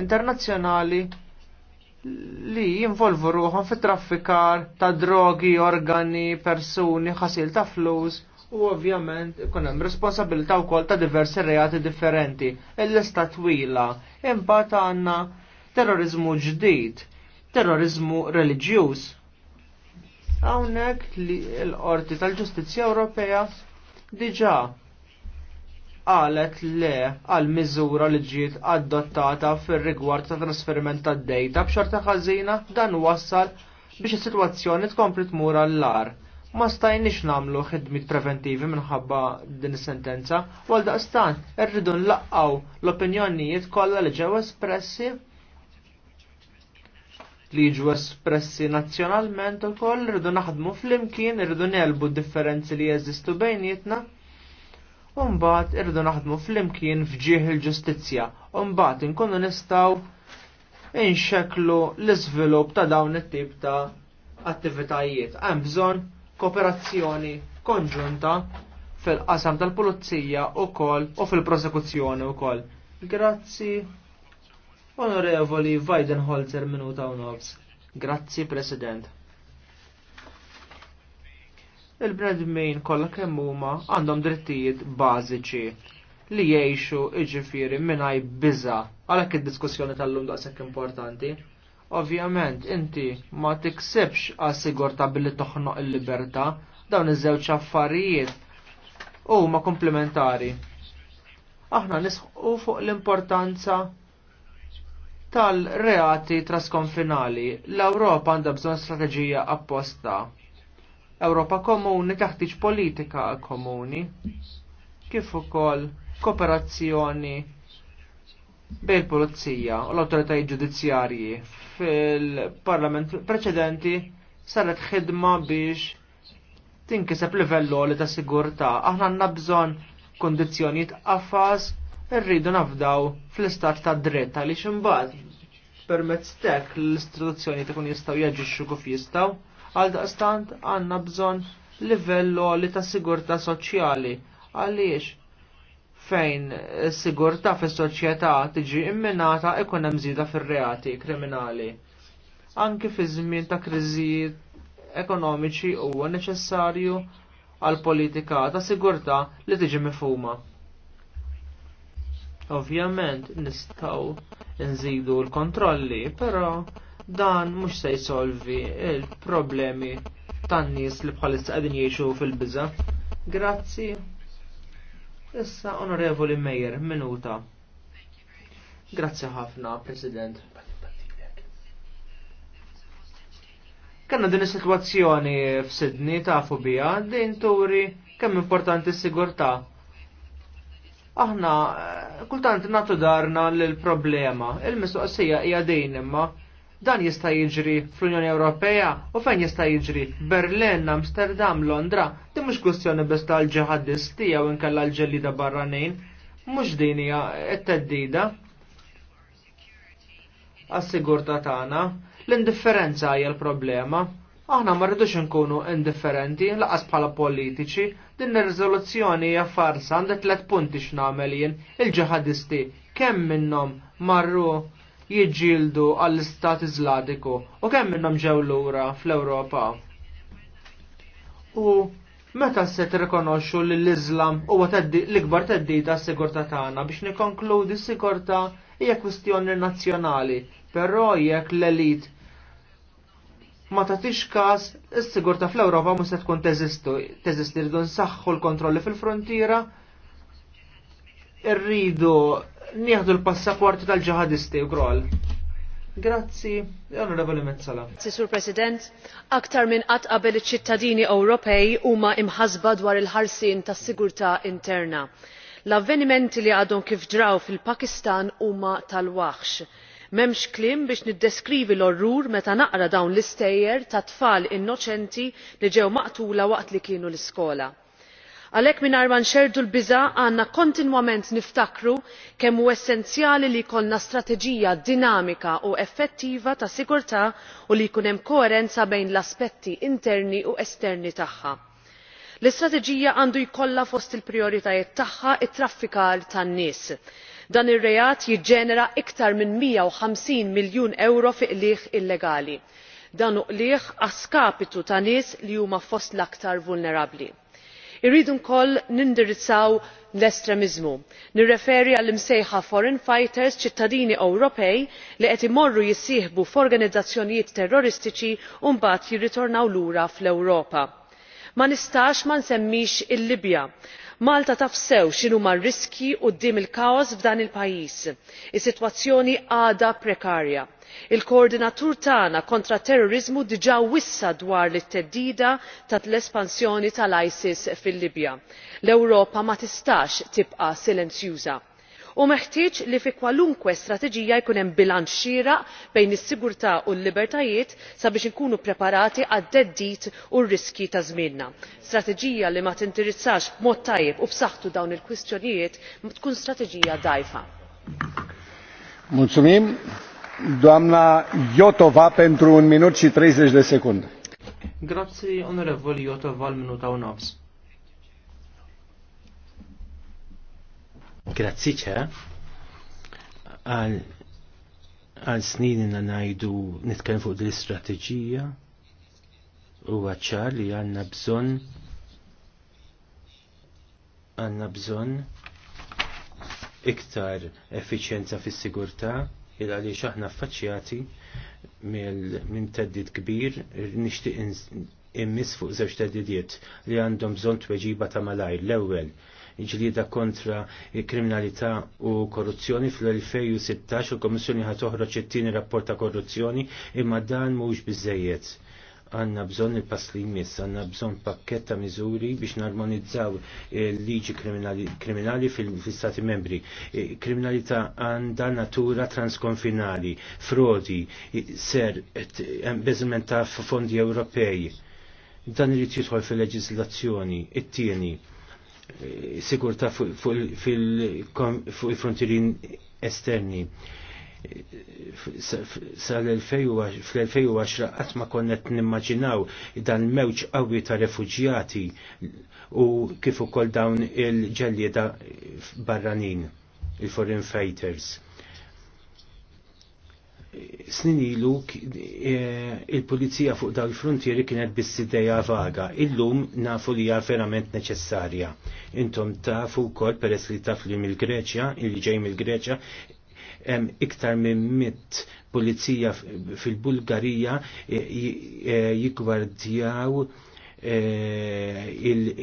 internazzjonali li jinvolvu ruħom fit traffikar ta' drogi, organi, persuni, ħasil ta' flus u ovvjament ikun hemm responsabilità wkoll ta' diversi reati differenti. Il-lista twila imbagħad għandna terrorizmu ġdid, terrorizmu reliġjuż Hawnhekk li l-Qorti tal-Ġustizzja Ewropea diġà qalet le għal miżura li ġiet adottata fir-rigward ta' trasferiment tad-dejta b'xorta ħażina dan wassal biex is-sitwazzjoni tkompli tmur għall lar Ma stajniex nagħmlu ħidmit preventivi minħabba din is-sentenza, għal daqstan irridu nlaqgħu l-opinjonijiet kollha li ġew espressi li jiġu espressi nazzjonalment ukoll rridu naħdmu flimkien, irridu nelbu differenzi li jeżistu bejnietna. Umbat irridu naħdmu flimkien fġieħ il-ġustizzja, umbat inkunu nistaw inxeklu l-iżvilupp ta' dawn it-tip ta' attivitajiet. Hemm bżonn kooperazzjoni konġunta fil-qasam tal-pulizija u kol u fil-prosekuzzjoni u kol. Grazzi. Onorevoli Weidenholzer minuta u nofs. Grazzi, President. il bredmin kollha kemm huma għandhom drittijiet bażiċi li jgħixu iġifieri mingħajr biża għalhekk id-diskussjoni tal-lum daqshekk importanti. Ovvjament inti ma tiksibx għasigur ta' billi toħnoq il-libertà dawn iż-żewġ affarijiet huma komplementari. Aħna nisħu fuq l-importanza tal-reati trasconfinali. L-Ewropa għandha bżonn strateġija apposta. Ewropa komuni taħtiġ politika komuni kif ukoll kooperazzjoni bejn pulizija u l-awtoritajiet ġudizzjarji fil-parlament preċedenti saret ħidma biex tinkiseb livell li ta' sigurtà. Aħna għandna bżonn kondizzjonijiet qafas rridu nafdaw fl-istat ta' dritt għaliex imbagħad permezz tek l-istituzzjoni tkun jistgħu jaġixxu kif jistgħu għal għandna bżonn livell li ta' sigurtà soċjali għaliex fejn sigurta sigurtà fis-soċjetà tiġi imminata ikun hemm żieda fir-reati kriminali. Anki fi żmien ta' kriżijiet ekonomiċi huwa neċessarju għal politika ta' sigurtà li tiġi mifhuma. Ovvjament nistaw nżidu l-kontrolli, però dan mhux se jsolvi il-problemi tan-nies li bħalissa qegħdin jgħixu fil-biża. Grazzi. Issa Onorevoli Mejer, minuta. Grazzi ħafna, President. Kanna din is-sitwazzjoni f'Sidni tafu biha din turi kemm importanti s-sigurtà aħna kultant natu darna l-problema. Il-mistoqsija hija din imma dan jista' jiġri fl-Unjoni Ewropea u fejn jista' jiġri Berlin, Amsterdam, Londra, din mhux kwestjoni biss tal-ġihadisti jew inkella l-ġellida barranin, mhux din hija t-teddida għas sigurta tagħna. L-indifferenza hija l-problema. Aħna ma rridux nkunu indifferenti, laqas bħala politiċi, din ir-riżoluzzjoni hija farsa għandha tliet punti x'nagħmel jien il-ġihadisti kemm minnhom marru jiġġieldu għall-Istat Iżladiku u kemm minnhom ġew lura fl-Ewropa. U meta se tirrikonoxxu li l-Iżlam huwa l-ikbar teddida s-sigurtà tagħna biex nikkonkludi s-sigurtà hija kwistjoni nazzjonali, però jekk l-elit ma tatix każ is-sigurta fl-Ewropa mhux se tkun teżistu, teżisti rridu nsaħħu l-kontrolli fil-frontiera, irridu nieħdu l-passaporti tal u wkoll. Grazzi, onorevoli Mezzala. Grazzi, Sur President, aktar minn qatt qabel iċ-ċittadini Ewropej huma imħasba dwar il-ħarsien tas-sigurtà interna. L-avvenimenti li għadhom kif ġraw fil-Pakistan huma tal-waħx m'hemmx kliem biex niddeskrivi l-orrur meta naqra dawn l-istejjer ta' tfal innoċenti li ġew maqtula waqt li kienu l-iskola. għalhekk mingħajr ma nxerrdu l-biża' għandna kontinwament niftakru kemm hu essenzjali li jkollna strateġija dinamika u effettiva ta' sigurtà u li jkun hemm koerenza bejn l-aspetti interni u esterni tagħha l-istrateġija għandu jkollha fost il prijoritajiet tagħha t traffikar tan-nies dan ir-reat jiġġenera iktar minn 150 miljun euro fi qlieq illegali dan uqlieq skapitu ta' nies li huma fost l-aktar vulnerabbli. Irridu wkoll nindirizzaw l estremizmu Nirreferi għall imsejħa foreign fighters ċittadini Ewropej li qed imorru jissieħbu f'organizzazzjonijiet terroristiċi u mbagħad jirritornaw lura fl-Ewropa. Ma nistax ma nsemmix il-Libja malta taf sew x'inhuma r-riskji quddiem il-kaos f'dan il-pajjiż. is-sitwazzjoni għadha prekarja. il koordinatur tagħna kontra t-terrorizmu diġà wissa dwar it-theddida ta' l espansjoni tal isis fil libja. l ewropa ma tistax tibqa' silenzjuża u meħtieġ li fi kwalunkwe strateġija jkun hemm bilanċ xieraq bejn is-sigurtà u l-libertajiet sabiex inkunu ppreparati għad theddid u r-riskji ta' żmienna. strateġija li ma tindirizzax b'mod tajjeb u b'saħħtu dawn il-kwistjonijiet tkun strateġija dgħajfa. Grazzi onorevoli Jotova l minuta u nofs. Grazzi ċe għal għal snin inna najdu nitkellem fuq l-istrateġija u għacċar li għanna bżon għanna bżon iktar effiċjenza fis sigurtà il għaliex aħna affaċċjati minn teddid kbir nixtieq immis fuq żewġ teddidiet li għandhom bżonn tweġiba ta' malajr l-ewwel ġlida kontra kriminalità u korruzzjoni fl-2016 u komissjoni ħat toħroġ it-tieni rapport ta' korruzzjoni imma dan mhux biżejjed għanna bżon il-pass li jmiss, għanna bżon pakket ta' miżuri biex narmonizzaw il-liġi kriminali, fil-stati membri. Kriminalità għanda natura transkonfinali, frodi, ser, embezzment ta' fondi Ewropej. Dan irrid jidħol fil-leġislazzjoni, it-tieni sigurta fil-frontirin esterni. fl 2010 qatt ma konnet nimmaġinaw dan mewġ qawwi ta' refuġjati u kif ukoll dawn il-ġellieda barranin, il-foreign fighters snin ilu e, il-pulizija fuq dal frontieri kienet biss ideja vaga. Illum nafu li hija verament neċessarja. Intom tafu kol peress li taf li mill-Greċja, il ġej mill-Greċja, iktar minn mit pulizija fil-Bulgarija e, e, jikwardjaw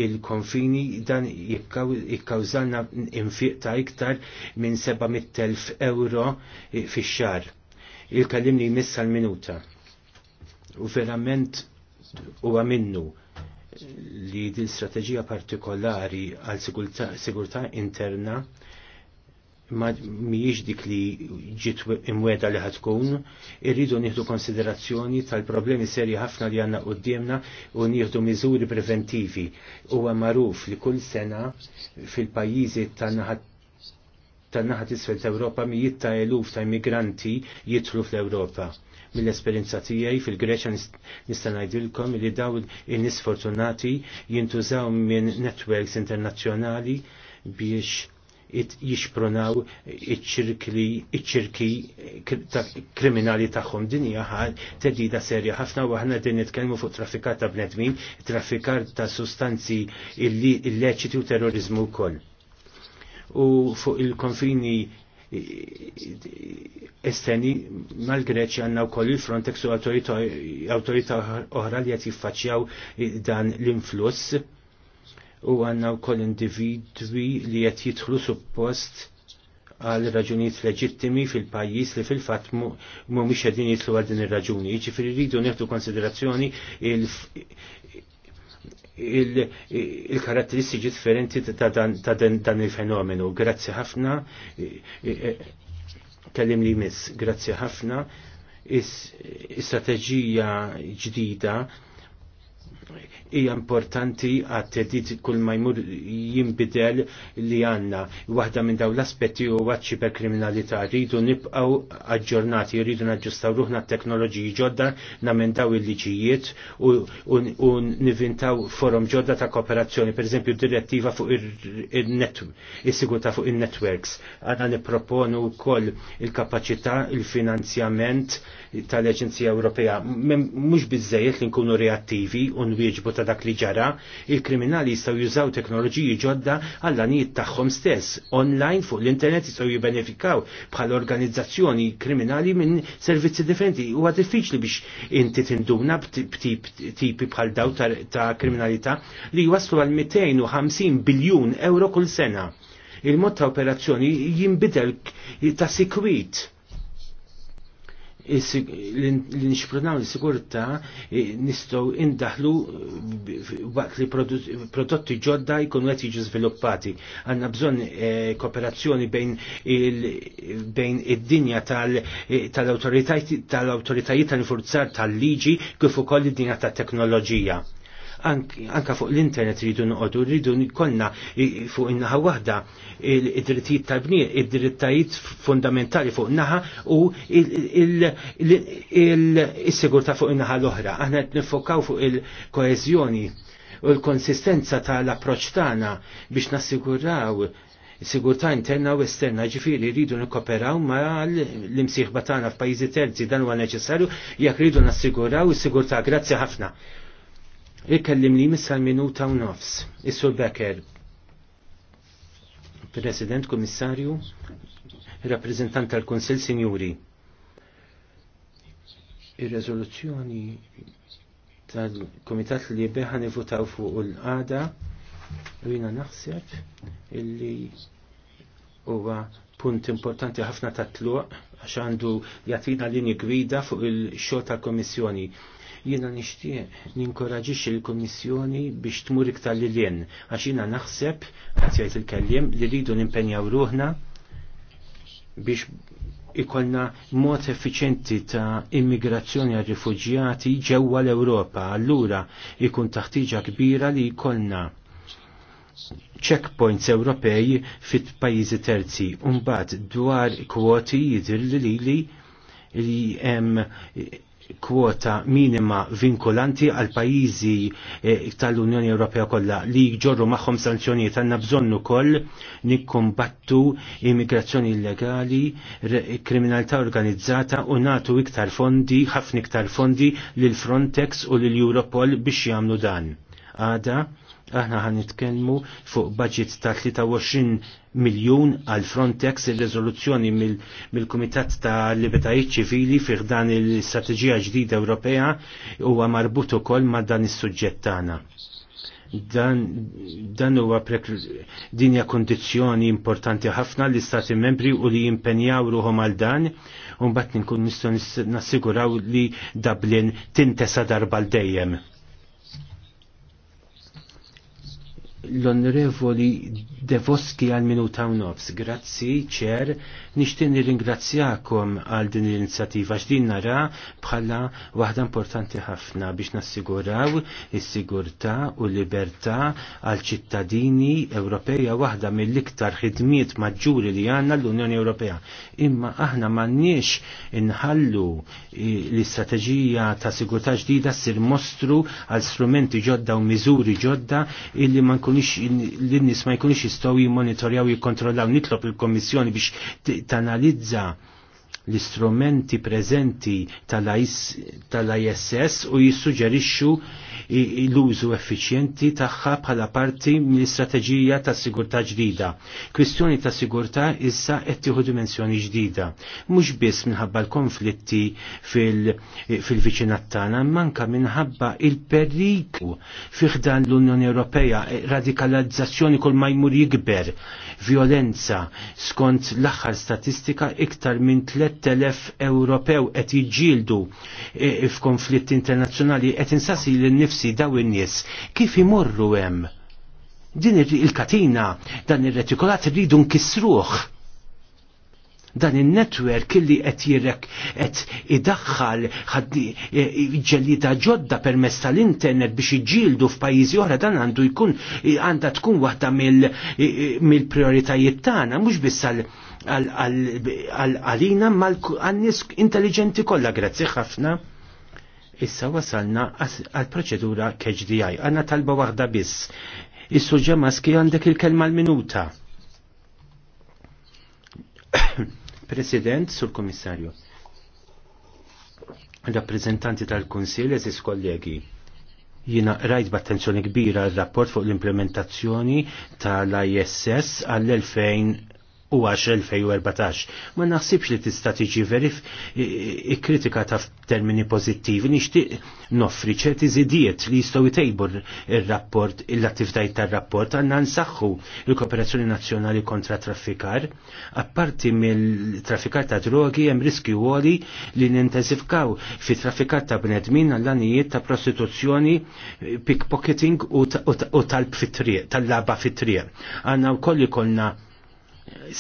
il-konfini dan jikkawżalna infiq ta' iktar minn 700.000 euro fi xar il-kallimni jmissa l-minuta. U verament huwa minnu li din strateġija partikolari għal sigurtà interna ma miġ dik li ġiet imweda li ħatkun, irridu nieħdu konsiderazzjoni tal-problemi serji ħafna li għanna qoddimna u nieħdu miżuri preventivi. Huwa magħruf li kull sena fil-pajjiżi tan-naħat tan-naħa tisfel tal-Ewropa mi jitta eluf ta' immigranti jitlu fl-Ewropa. Mill-esperjenza tiegħi fil-Greċja nista' ngħidilkom li dawn in-nies fortunati jintużaw minn networks internazzjonali biex jixpronaw iċ-ċirki ta' kriminali tagħhom din hija tedida serja ħafna u aħna din nitkellmu fuq traffikar ta' bnedmin, traffikar ta' sustanzi illeċiti u terrorizmu wkoll u fuq il-konfini esteni mal-Greċja għanna u koll il-Frontex u autorita oħra li għat faċjaw dan l-influss u għanna u koll individwi li għat jitħlu suppost għal raġunijiet leġittimi fil-pajis li fil-fat mumiex għedin jitlu għal din ir-raġuni. Ġifiri rridu neħdu konsiderazzjoni il-karatteristiċi differenti ta' dan il-fenomenu. Grazzi ħafna, e- kellim li miss, grazzi ħafna, is-strategija ġdida hija importanti għat tedit kull ma jmur jimbidel li għanna. Waħda minn daw l-aspetti u per kriminalità rridu nibqaw aġġornati, rridu naġġustaw ruħna t-teknoloġiji ġodda namendaw il-liġijiet u nivintaw forum ġodda ta' kooperazzjoni, per eżempju direttiva fuq il-sigurta fuq il-networks. Għanna niproponu kol il-kapacità, il-finanzjament tal-Eġenzija Ewropea. Mux bizzejiet li nkunu reattivi un wieġbu ta' dak li ġara, il-kriminali jistgħu jużaw teknoloġiji ġodda għall anijiet tagħhom stess, online fuq l-internet jistgħu jibbenefikaw bħal organizzazzjoni kriminali minn servizzi differenti. Huwa diffiċli biex inti tinduna b'tipi bħal daw ta' kriminalità li waslu għal 250 biljun euro kull sena. Il-mod ta' operazzjoni jinbidel ta' sikwit l-inxprunaw l-sigurta e, nistow indaħlu waqt li prodotti ġodda jkunu għet jiġu sviluppati. Għanna bżon e, kooperazzjoni bejn id-dinja e, tal-autoritajiet tal-infurzar tal-liġi kif ukoll id-dinja tal-teknoloġija anka fuq l-internet rridu noqogħdu rridu konna fuq in-naħa waħda id-drittijiet tal-bniet, id-drittajiet fundamentali fuq naħa u il-sigurtà fuq in-naħa l-oħra. Aħna qed nifokaw fuq il-koeżjoni u l-konsistenza tal-approċ tagħna biex nassiguraw sigurtà interna u esterna ġifiri rridu nikoperaw ma l-imsieħba tagħna f'pajjiżi terzi dan huwa neċessarju jekk rridu nassiguraw is-sigurtà. Grazzi ħafna. Ikkellim li missa minuta u nofs. Issu Becker. President, Komissarju, Rappresentant tal-Konsil Sinjuri. Ir-rezoluzzjoni tal-Komitat li beħan nivutaw fuq l-għada u jina naħseb illi huwa punt importanti ħafna tat-tluq għax għandu jatina linji gwida fuq il-xogħol tal-Komissjoni. Jiena nixtieq ninkoraġixxi l-Kummissjoni biex tmur iktar lil hien għax jiena naħseb għazjajt il-kelliem li rridu nimpenjaw ruħna biex ikollna mod effiċenti ta' immigrazzjoni għal rifuġjati ġewwa l-Ewropa. Allura ikun taħtiġa kbira li jkollna checkpoints Ewropej fit pajjiżi terzi. Umbat dwar kwoti jidir li li li hemm kwota minima vinkolanti għal pajizi eh, tal-Unjoni Ewropea kollha li jġorru magħhom sanzjonijiet għandna bżonn ukoll nikkumbattu immigrazzjoni illegali, kriminalità organizzata u natu iktar fondi, ħafna iktar fondi lil Frontex u lil Europol biex jagħmlu dan. Għada, aħna ħan nitkellmu fuq budget ta' 23 miljun għal Frontex il-rezoluzzjoni mill-Kumitat mil ta' Libertajiet Ċivili fih dan il-Strateġija Ġdida Ewropea huwa marbut ukoll ma' dan is-suġġett tagħna dan, dan huwa dinja kondizjoni importanti ħafna li stati membri u li jimpenjaw ruhom għal dan un bat ninkun nistgħu nassiguraw li Dublin tintesa darba l dejjem. l-onorevoli Devoski għal minu ta' nofs. Grazzi, ċer, nishtin nir-ingrazzjakom għal din l-inizjativa x'din nara bħala waħda importanti ħafna biex nassiguraw is-sigurtà u l-libertà għal ċittadini Ewropeja waħda mill-iktar ħidmiet maġġuri li għandna l-Unjoni Ewropea. Imma aħna m'għandniex inħallu l-istrateġija ta' sigurtà ġdida sir mostru għal strumenti ġodda u miżuri ġodda illi ma nkun jkunix l-nis ma jkunix jistgħu jimonitorjaw jikkontrollaw nitlob il-Kommissjoni biex tanalizza l-istrumenti preżenti tal-ISS u jissuġġerixxu l-użu effiċjenti tagħha bħala parti mill-istrateġija ta' sigurtà ġdida. Kwistjoni ta' sigurtà issa qed tieħu dimensjoni ġdida, mhux biss minħabba l-konflitti fil-viċinat tagħna, manka minħabba il-periklu fih dan l-Unjoni Ewropea, eh, radikalizzazzjoni kull ma jmur jikber, violenza skont l-aħħar statistika iktar minn 3000 Ewropew qed jiġġieldu eh, f'konflitti internazzjonali qed insassi lin-nifs nifsi daw in-nies kif imorru hemm. Din il-katina dan ir-retikolat rridu nkissruh dan in netwerk illi qed jirek qed idaħħal ġellida ġodda permezz tal-internet biex iġġieldu f'pajjiżi oħra dan għandu jkun għandha tkun waħda mill-prioritajiet tagħna mhux biss għal għalina mal għan-nies intelligenti kollha grazzi ħafna. Issa wasalna għal proċedura KHDI. Għanna talba waħda biss. Issu ġemaski għandek il-kelma l-minuta. *coughs* President, sur komissarju. Rappresentanti tal-Konsil, eżis kollegi jina rajt b'attenzjoni kbira r-rapport fuq l-implementazzjoni tal-ISS għall-2000 u 2014. Ma naħsibx li tista' tiġi verif kritika ta' termini pożittivi nixtieq noffri ċerti żidiet li jistgħu jtejbu r rapport l-attivitajiet tar-rapport għandna nsaħħu l-Kooperazzjoni Nazzjonali kontra traffikar. Apparti mill-traffikar ta' drogi hemm riskju għoli li nintensifkaw fi traffikar ta' bnedmin għall-anijiet ta' prostituzzjoni, pickpocketing u tal-laba fit-triq. Għandna wkoll ikollna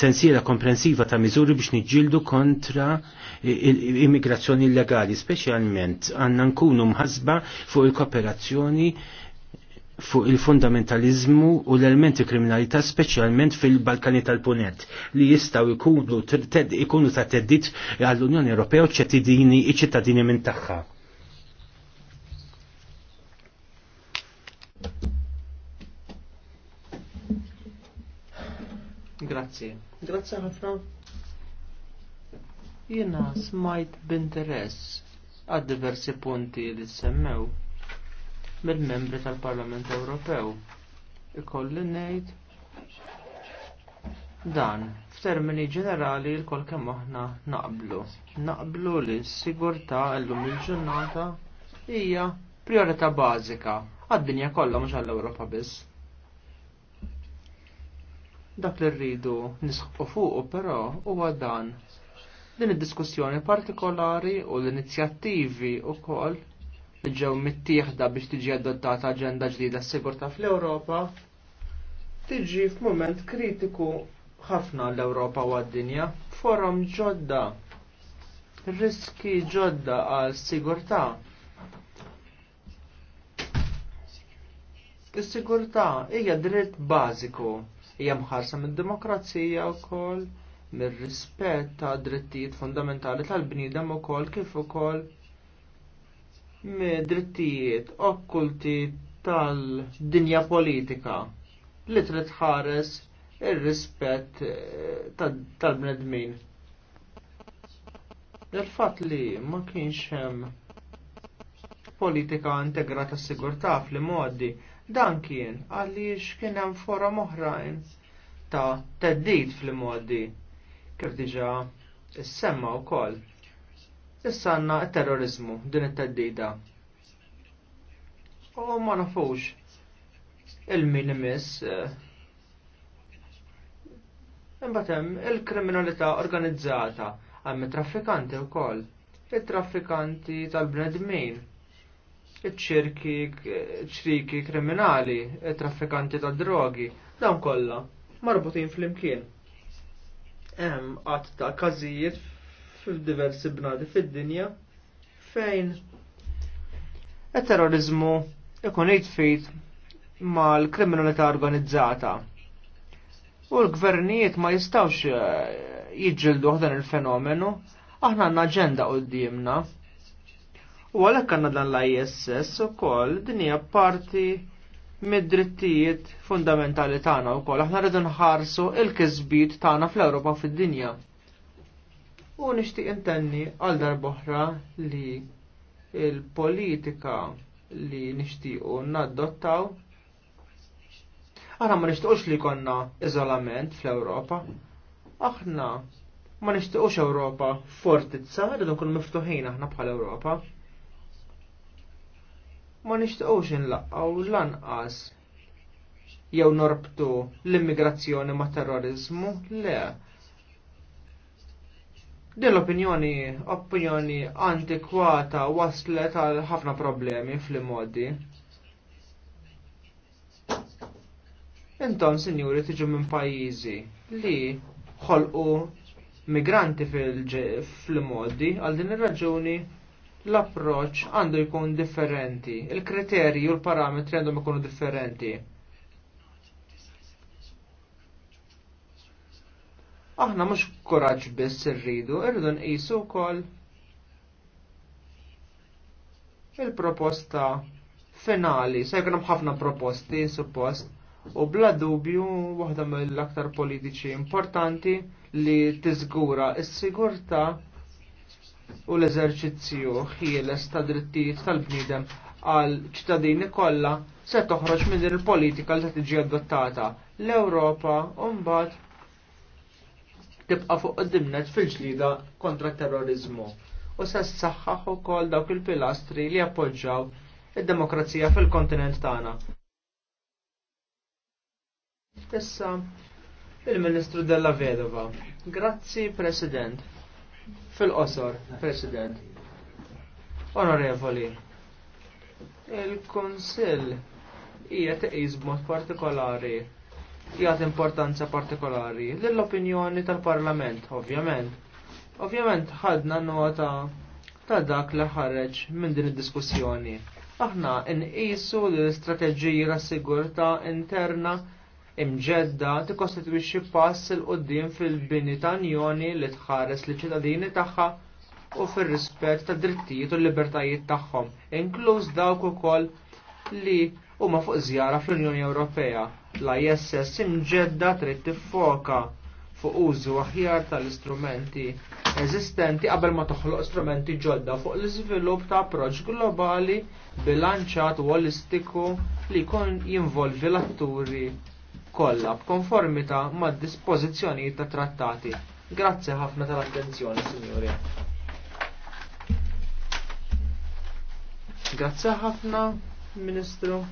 sensiela komprensiva ta' miżuri biex niġġildu kontra immigrazzjoni illegali, speċjalment għanna nkunu mħasba fuq il-kooperazzjoni fuq il-fundamentalizmu u l-elementi kriminalità speċjalment fil-Balkani tal-Punet li jistaw ikunu, ta' teddit għall-Unjoni Ewropea u ċittadini minn tagħha Grazzi. Grazzi ħafna. Jiena smajt b'interess għad diversi punti li semmew mill-membri tal-Parlament Ewropew. Ikolli ngħid dan f'termini ġenerali l-kol kemm aħna naqblu. Naqblu li s-sigurtà llum il-ġurnata hija priorità bażika għad-dinja kollha mhux għall-Ewropa biss. Dak li rridu nisħu fuqu però huwa dan din id-diskussjoni partikolari u l-inizjattivi wkoll li ġew mittieħda biex tiġi adottata aġenda ġdida s-sigurta fl-Ewropa tiġi f'mument kritiku ħafna l-Ewropa u għad-dinja forum ġodda riski ġodda għal sigurtà Is-sigurtà hija dritt bażiku hija mħarsa mid-demokrazija wkoll mir-rispett ta' drittijiet fundamentali tal-bniedem ukoll kif ukoll mid-drittijiet okkulti tal-dinja politika li trid ħares ir-rispett eh, tal-bnedmin. Il-fatt li ma kienx hemm politika integrata sigurtà fl-modi Dan kien għaliex kien hemm forom oħrajn ta' teddid fl-modi kif diġa semma wkoll. Issa għandna t-terrorizmu din it-teddida. U ma nafux il-min imiss eh, Imbagħad hemm il-kriminalità organizzata hemm traffikanti wkoll. it traffikanti tal-bnedmin ċirki, ċriki kriminali, traffikanti ta' drogi, dawn kollha marbutin fl-imkien. Hemm qatt ta' każijiet f'diversi bnadi fid-dinja fejn it-terrorizmu e ikun jitfit mal-kriminalità organizzata. U l-gvernijiet ma jistawx eh, jiġġildu dan il-fenomenu, aħna għandna aġenda qoddimna U għalhekk għandna dan l-ISS ukoll din hija parti mid-drittijiet fundamentali tagħna wkoll aħna rridu nħarsu l kisbiet tagħna fl-Ewropa fid-dinja. U nixtieq intenni għal darb'oħra li il-politika li nixtiequ naddottaw aħna ma nixtiequx li konna iżolament fl-Ewropa. Aħna ma nixtiequx Ewropa fortizza, rridu nkunu miftuħin aħna bħal Ewropa ma nixtiequx inlaqqaw lanqas jew norbtu l-immigrazzjoni ma' terrorizmu, le. Din l-opinjoni, opinjoni antikwata waslet għal ħafna problemi fl-modi. Intom, sinjuri, tiġu minn pajjiżi li ħolqu migranti fil-modi għal din ir-raġuni l-approċ għandu jkun differenti, il-kriterji u l-parametri għandhom ikunu differenti. Aħna mhux kuraġġ biss irridu, irridu nqisu wkoll il-proposta finali, se jkun hemm ħafna proposti suppost, u bla dubju waħda mill-aktar politiċi importanti li tiżgura s-sigurta u l-eżerċizzju ħieles ta' drittijiet tal-bniedem għal ċittadini kollha se toħroġ minn din il-politika li tiġi adottata. L-Ewropa mbagħad tibqa' fuq qudimnet fil-ġlida kontra terrorizmu u se ssaħħaħ ukoll dawk il-pilastri li appoġġjaw id-demokrazija fil-kontinent tagħna. Issa il-Ministru Della Vedova. Grazzi President. Fil-qosor, President. Onorevoli, il-Konsil hija teqis b'mod partikolari jgħat importanza partikolari l-opinjoni tal-Parlament, ovvjament. Ovvjament ħadna nota ta' dak li ħareġ minn din id-diskussjoni. Aħna nqisu l-istrateġiji ta' sigurtà interna imġedda tikkostitwixxi pass il qudiem fil-bini ta' Unjoni li tħares li ċittadini tagħha u fir-rispett tad drittijiet u l-libertajiet tagħhom, inkluż dawk ukoll li huma fuq żjara fl-Unjoni Ewropea. L-ISS imġedda trid tiffoka fuq użu aħjar tal-istrumenti eżistenti qabel ma toħloq strumenti ġodda fuq l-iżvilupp ta' approċċ globali bilanċat u olistiku li jkun jinvolvi l-atturi kollha b'konformità mad-dispożizzjonijiet ta' trattati. Grazzi ħafna tal-attenzjoni, Sinjuri. Grazzi ħafna, Ministru.